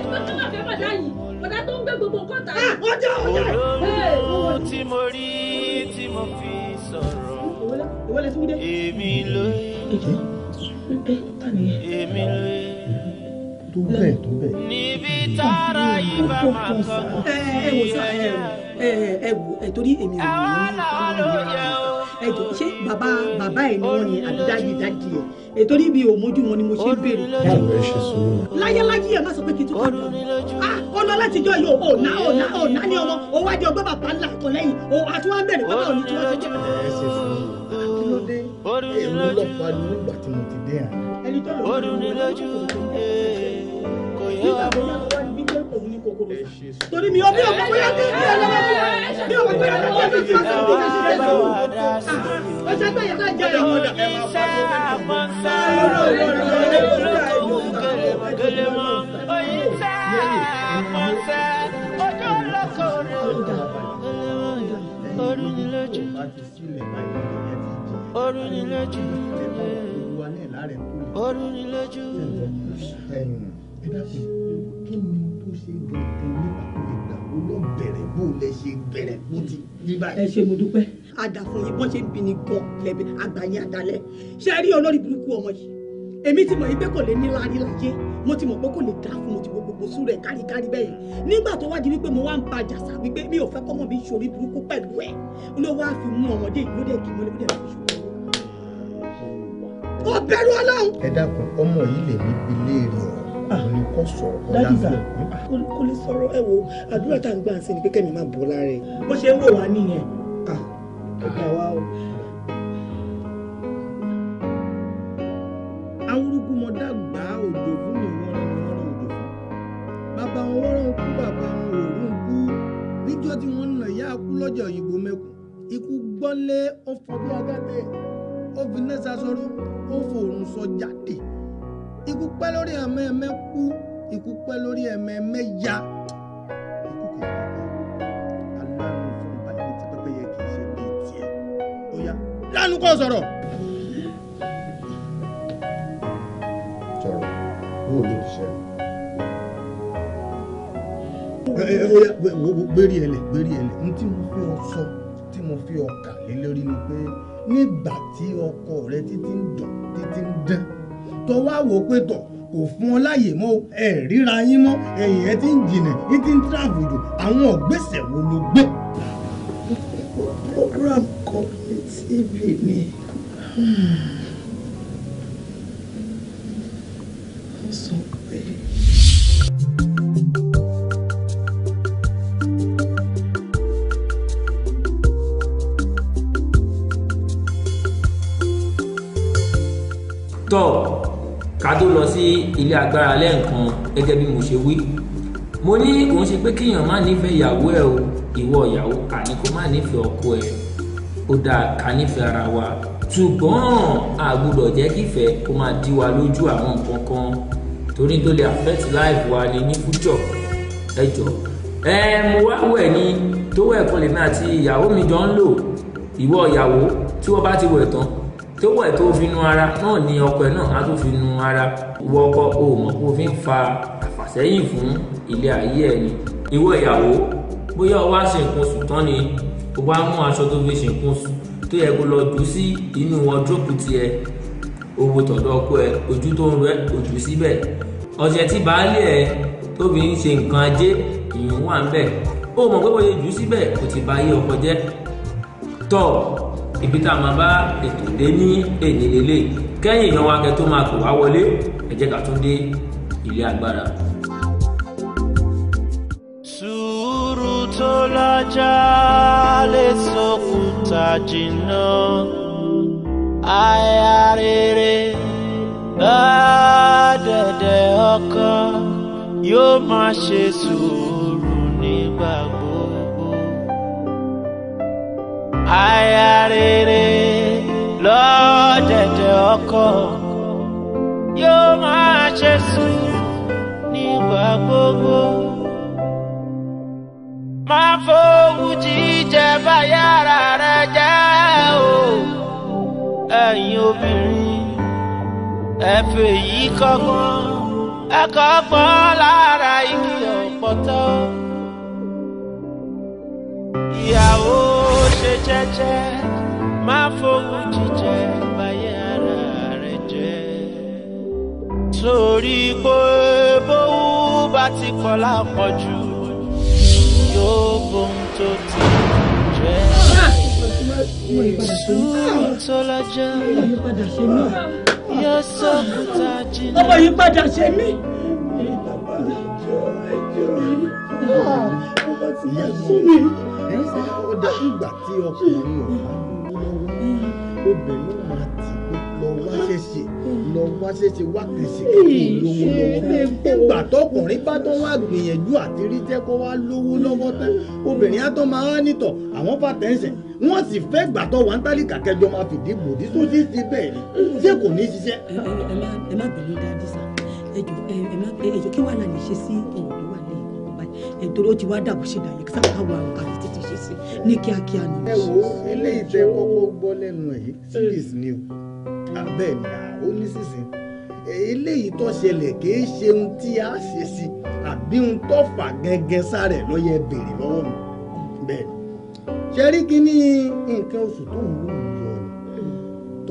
ọ̀dà tó ń gbé gbogbo kọ́ta. ọjọ́ ọjọ́ olóhùn tí mo rí tí mo fi sọ̀rọ̀ èmi lóyún ẹ ta ni yẹn. tó bẹ́ẹ̀ tó bẹ́ẹ̀. níbi tára yìí bá máa kọ́. ẹ ẹ wò sá ẹ ẹ ẹ wò ẹ torí èmi ò ní ẹ jọ ṣé bàbá bàbá ẹ ni wọn ni àbí dájú dájú ẹ ètorí ibi òmójú wọn ni mo ṣe ń béèrè. báwo ẹ ṣe sùúrù. láyéláyé ẹ má sọ pé kí n tún kàdé ọ. ọlọ láti jọ yóò ò ná ò ná ò ná ní ọmọ òwádìí ọgbẹ́ bàbá ńlá kọ lẹ́yìn àti wọn bẹ̀rẹ̀ bàbá òní tí wọ́n ṣe jẹ́ èmi lọ pariwo nígbà tí mo ti dé àná. ẹni tó lọ rí mi lójú kò yẹ wá mọ́. torí mi ọbí ọmọ bóyá kí ni ọlọ́wọ́ fún mi ọmọ bóyá kí ni ọlọ́wọ́ fún mi ọmọ bóyá kí ni ọlọ́wọ́ fún mi ọjọ́ tó yẹ ká jẹ́ ẹ̀yìn ọ̀dà ẹ̀ máa bá wọn lọ. Orin ni lójú orí ni lójú orí ni lójú. ẹ dákun kí ni tó ṣe gbọ̀ngàn nípa ìgbà mo dúpẹ́. àdàfún yìí bọ́n ṣe ń bini gan lẹ́bi àgbáyé àdálẹ́ ṣe rí olórí burúkú ọmọ yìí èmi ti mọ̀ yìí pé kò lè nílá láyé mo ti mọ̀ pé kò lè dáa fún mo ti wo sùn rẹ̀ káríkárí bẹ́ẹ̀ nígbà tó wá wípé mo wá ń ba jàsà wípé mi ò fẹ́ kọ́mọ mi ṣorí burúkú pẹ̀lú ẹ̀ ló wá fi mú ọmọdé ìlú dẹ̀ kí mo lè fi ṣòro kò bẹ̀rù ọlọ́run. ẹ dákun ọmọ yìí lè ní ilé rẹ ọ̀rọ̀ ah, ni kò sọ̀rọ̀ ọ̀la fún un. kò lè sọ̀rọ̀ ẹ wo àdúrà tá à ń gbà sí ni pé kẹ́mi máa bọ̀ lára ẹ̀. bó ṣe ń wò wá nìyẹn. ó ah, gbà wá o. awúrúgbó mọ dàgbà òjò fún mi wọ́n rán wọ́n rán òjò fún. bàbá wọn wọ́n rán kú bàbá wọn òògùn kú níjọ́ tí wọ́n nà yá kú lọ́jọ́ òyìnbó mẹ́kù ikú gbọ́lé ọ̀fọ̀gbọ́n agádẹ́ ó fi náà sasọ̀rọ̀ ó fòrùn sọ jáde ikú pẹ́ lórí ẹ̀mẹ́ ẹ̀mẹ́ kú ikú pẹ́ lórí ẹ̀mẹ́ ẹ̀mẹ́ ya ikú kò kú aláàánú fún balẹ̀ tí pẹ́pẹ́ yẹ kì í ṣe bíi sọ̀rọ̀. sọ̀rọ̀ ó lè ṣe. ní tí mo fi ọ sọ tí mo fi ọ kà lé lórí ni pé nígbà tí ọkọ rẹ títí ń dùn títí ń dán tó wá wò pé tọ̀ kò fún ọ láàyè mọ́ ẹ ríra yín mọ́ ẹ̀yìn ẹ ti ń jìnà ẹ ti ń tíráàbùdù àwọn ọ̀gbẹ́sẹ̀ wo ló gbé. program committee mi. Hmm. tọ́ ká tó lọ sí ilé agbára lẹ́ẹ̀kan gẹ́gẹ́ bí mo ṣe wí mo ní òun ṣe pé kéèyàn má nífẹ̀ẹ́ ìyàwó ẹ̀ o ìwọ ìyàwó kà ní kó má nífẹ̀ẹ́ ọkọ ẹ̀ ó dáa ká nífẹ̀ẹ́ ara wa ṣùgbọ́n a gbọ́dọ̀ jẹ́ kífẹ́ kó máa dí wa lójú àwọn nǹkan kan torí tó lè affect life wa ni ní fújọ ẹ jọ ẹ mo wá wẹ̀ ni tó wẹ̀ kan lèmi àti ìyàwó mi jọ ń lò ìwọ ìyàwó tí wọ́n bá ti wẹ̀ tán tó wẹ̀ tó fi nu ara náà ni ọkọ ẹ̀ náà á tó fi nu ara wọ ọkọ o mọ̀ kó fi ń fa àfàsẹ́yìn fún ilé ayé ẹ̀ ni ìwọ ìyàwó bóyá o wá ṣe nǹkan sùn tán ni o bá mú aṣọ tó fi ṣe nǹkan sùn tó yẹ kó lọ jù sí inú wọdróòpù tiẹ̀ owó tọ̀dọ̀ ọkọ ẹ̀ ojú tó ń rẹ ojú síbẹ̀ ọ̀sẹ̀ tí baálé ẹ̀ tó fi ń ṣe nǹkan ajé ìyún wà ń bẹ̀ ó mọ̀ pé wọ́n yẹ jù síbẹ̀ kò ti ba ayé ọkọ jẹ́ tọ́ ibi tá a máa bá ètò dé ní èyí lélẹ̀ kẹ́yìn ìyàn wa kẹ́ tó máa pè wá wọlé ẹ jẹ́ ká tún dé ilé agbára. sùúrù tó lájà lè sọkùtà jìnnà àyà rere bá dẹ̀dẹ̀ ọkọ yóò máa ṣe sùúrù nígbà Ayarere, rere lọ́dẹ̀dẹ̀ ọkọ yóò máa ṣe sùn nígbà gbogbo. máa fowó jíjẹ bá yàrá rẹ jẹ́ o ẹ̀yin obìnrin ẹ fèyí kọ́gbọ́n ẹ kọ́gbọ́n lára igi ọ̀pọ̀tọ́ ìyàwó jẹ́jẹ́ má fowó jíjẹ báyé ara rẹ jẹ́ torí pé bówú bá ti kọ́ lápọ̀jù yóò bóun tó ti jẹ́ sùúrù tó lọ́jọ́ yóò sọ́kùtà jìnnà. ọmọ yìí padà ṣe mí. ìyá sí mi ó dẹ̀ ìgbà tí ọkùnrin ọ̀hún obìnrin máa tì lọ wá ṣẹ̀ṣẹ̀ lọ wá ṣẹ̀ṣẹ̀ wá kìsì kìkì lówó lọ́wọ́ nígbà tọkùnrin bá tó wá gbìyànjú àti rí jẹ́ kó wá lówó lọ́wọ́ tán obìnrin á tán máa nítọ̀ àwọn bá tẹ̀sẹ̀ wọ́n sì fẹ́ gbà tọ́ wà ń tálíkà kẹjọ máa fìdí gbòdì tó ti ti bẹ́ẹ̀ ni ṣé kò ní ṣiṣẹ́. ẹ má bẹ̀rẹ̀ dáadé sá ẹ jọ ẹ má ẹ jọ kí wàá nà lè ṣe sí ọ̀rọ̀ nítorí ti wá dàbò ṣe dàyẹ kí sábà wà àwọn kàlẹ́ títí ṣe sí ní kíákíá ni. ẹ wo eléyìí tẹ kọ́kọ́ gbọ́ lẹ́nu ẹ series ni o abẹ́ẹ̀ ni ó ní sísìn eléyìí tó ṣẹlẹ̀ kìí ṣe ohun tí a ṣe sí àbí ohun tó fà gẹ́gẹ́ sáré lọ́yẹ̀ béèrè lọ́wọ́ mi bẹ́ẹ̀ ṣe rí kíní nǹkan oṣù tó ń lò yọ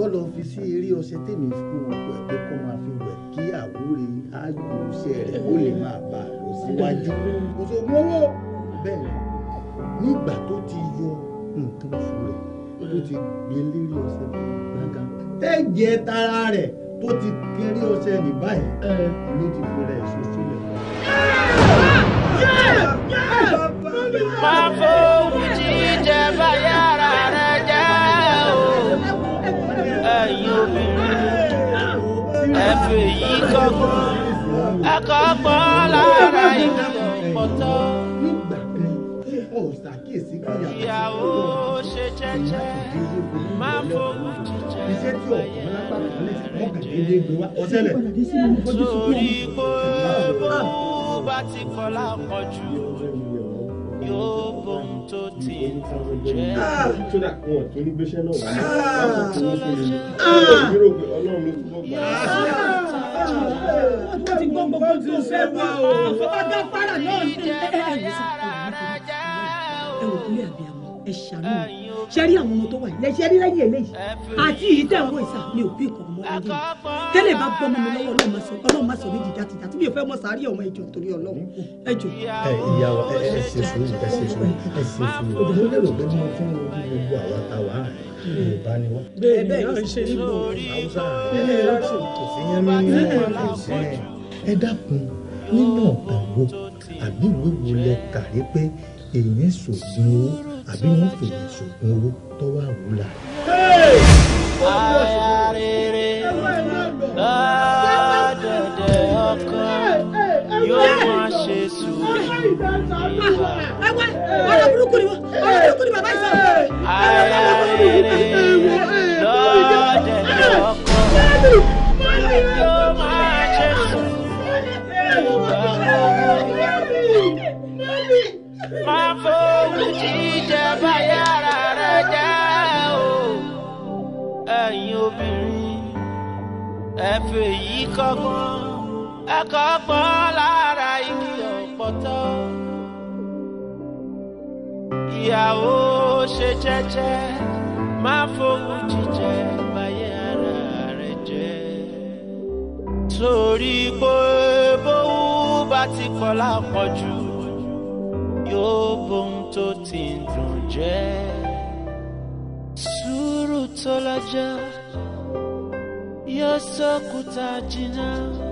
ni tó fi sí eré ọṣẹ tèmi fún ọkọ ẹ pé kó máa fi wẹ̀ kí àwúre ágbó iṣẹ́ rẹ̀ ó lè máa bá a kò sí wájú kò sí ogun owó bẹ́ẹ̀ nígbà tó ti yọ nǹkan oṣù rẹ̀ tó ti gbé lérí ọṣẹ gbàgà tẹ́jẹ̀ tara rẹ̀ tó ti kéré ọṣẹ ní báyìí ló ti fi rẹ̀ sílẹ̀. máa fọ ohun yàrá rẹ jẹ o ẹ̀yin obìnrin ẹ fèyí kọkàn ẹ kọ ara ènìyàn ìpọ̀tọ́. nígbà kan ìyàwó ṣe jẹ́jẹ́ máa fowó jíjẹ iṣẹ́ torí pé bó bá ti kọ́ lápọ̀jù yóò bóun tó ti dùn tó dà kún wọ́n ti gbọ́ gbogbo tó fẹ́ wá o. àfọwọ́dá para náà ń tẹ ẹ ẹ ẹ wò kúlẹ̀ àbíyàmọ́ ẹ ṣàánú ṣe rí àwọn ọmọ tó wà yìí lẹ́sẹ̀ lẹ́yìn eléyìí àti èyí tẹ̀ ń wò ìsà mi ò bí ìkọ̀ ọmọ ọdún tẹ́lẹ̀ bá bọ́ mi lọ́wọ́ ọlọ́run máa sọ ọlọ́run máa sọ méjì jáde jáde mi ò fẹ́ mọ̀ sáré ọmọ ẹjọ́ torí ọlọ́run ẹjọ́. ẹ ìyá ẹ ẹ ṣe sùúrù ẹ ṣe sùúrù ẹ ṣe sùúrù òdòdó lérò pé mo fún ojú gbogbo àwa ta wà á Yorùbá ni wá. ṣe ibo Haúsá kò àbí wọ́n fèrè ṣògùn owó tó wà wúlà. ara rere lọ́dọ̀dẹ̀ ọkọ yóò máa ṣe sùúrù ìwà. ọ̀rọ̀ burúkú ni ọ̀rọ̀ burúkú ni bàbá yìí sọ. ara rere lọ́dọ̀dẹ̀ ọkọ. má fowó jíjẹ bá yàrá rẹ jẹ́ o ẹ̀yin obìnrin ẹ fèyí kọ́gbọ́n ẹ kọ́gbọ́n lára igi ọ̀pọ̀tọ́ ìyàwó ṣe jẹ́jẹ́ má fowó jíjẹ bá pé bówú bá ti kọ́ lápọ̀jù yóò bóun tó ti ń dùn sọ́kùtà jìnnà.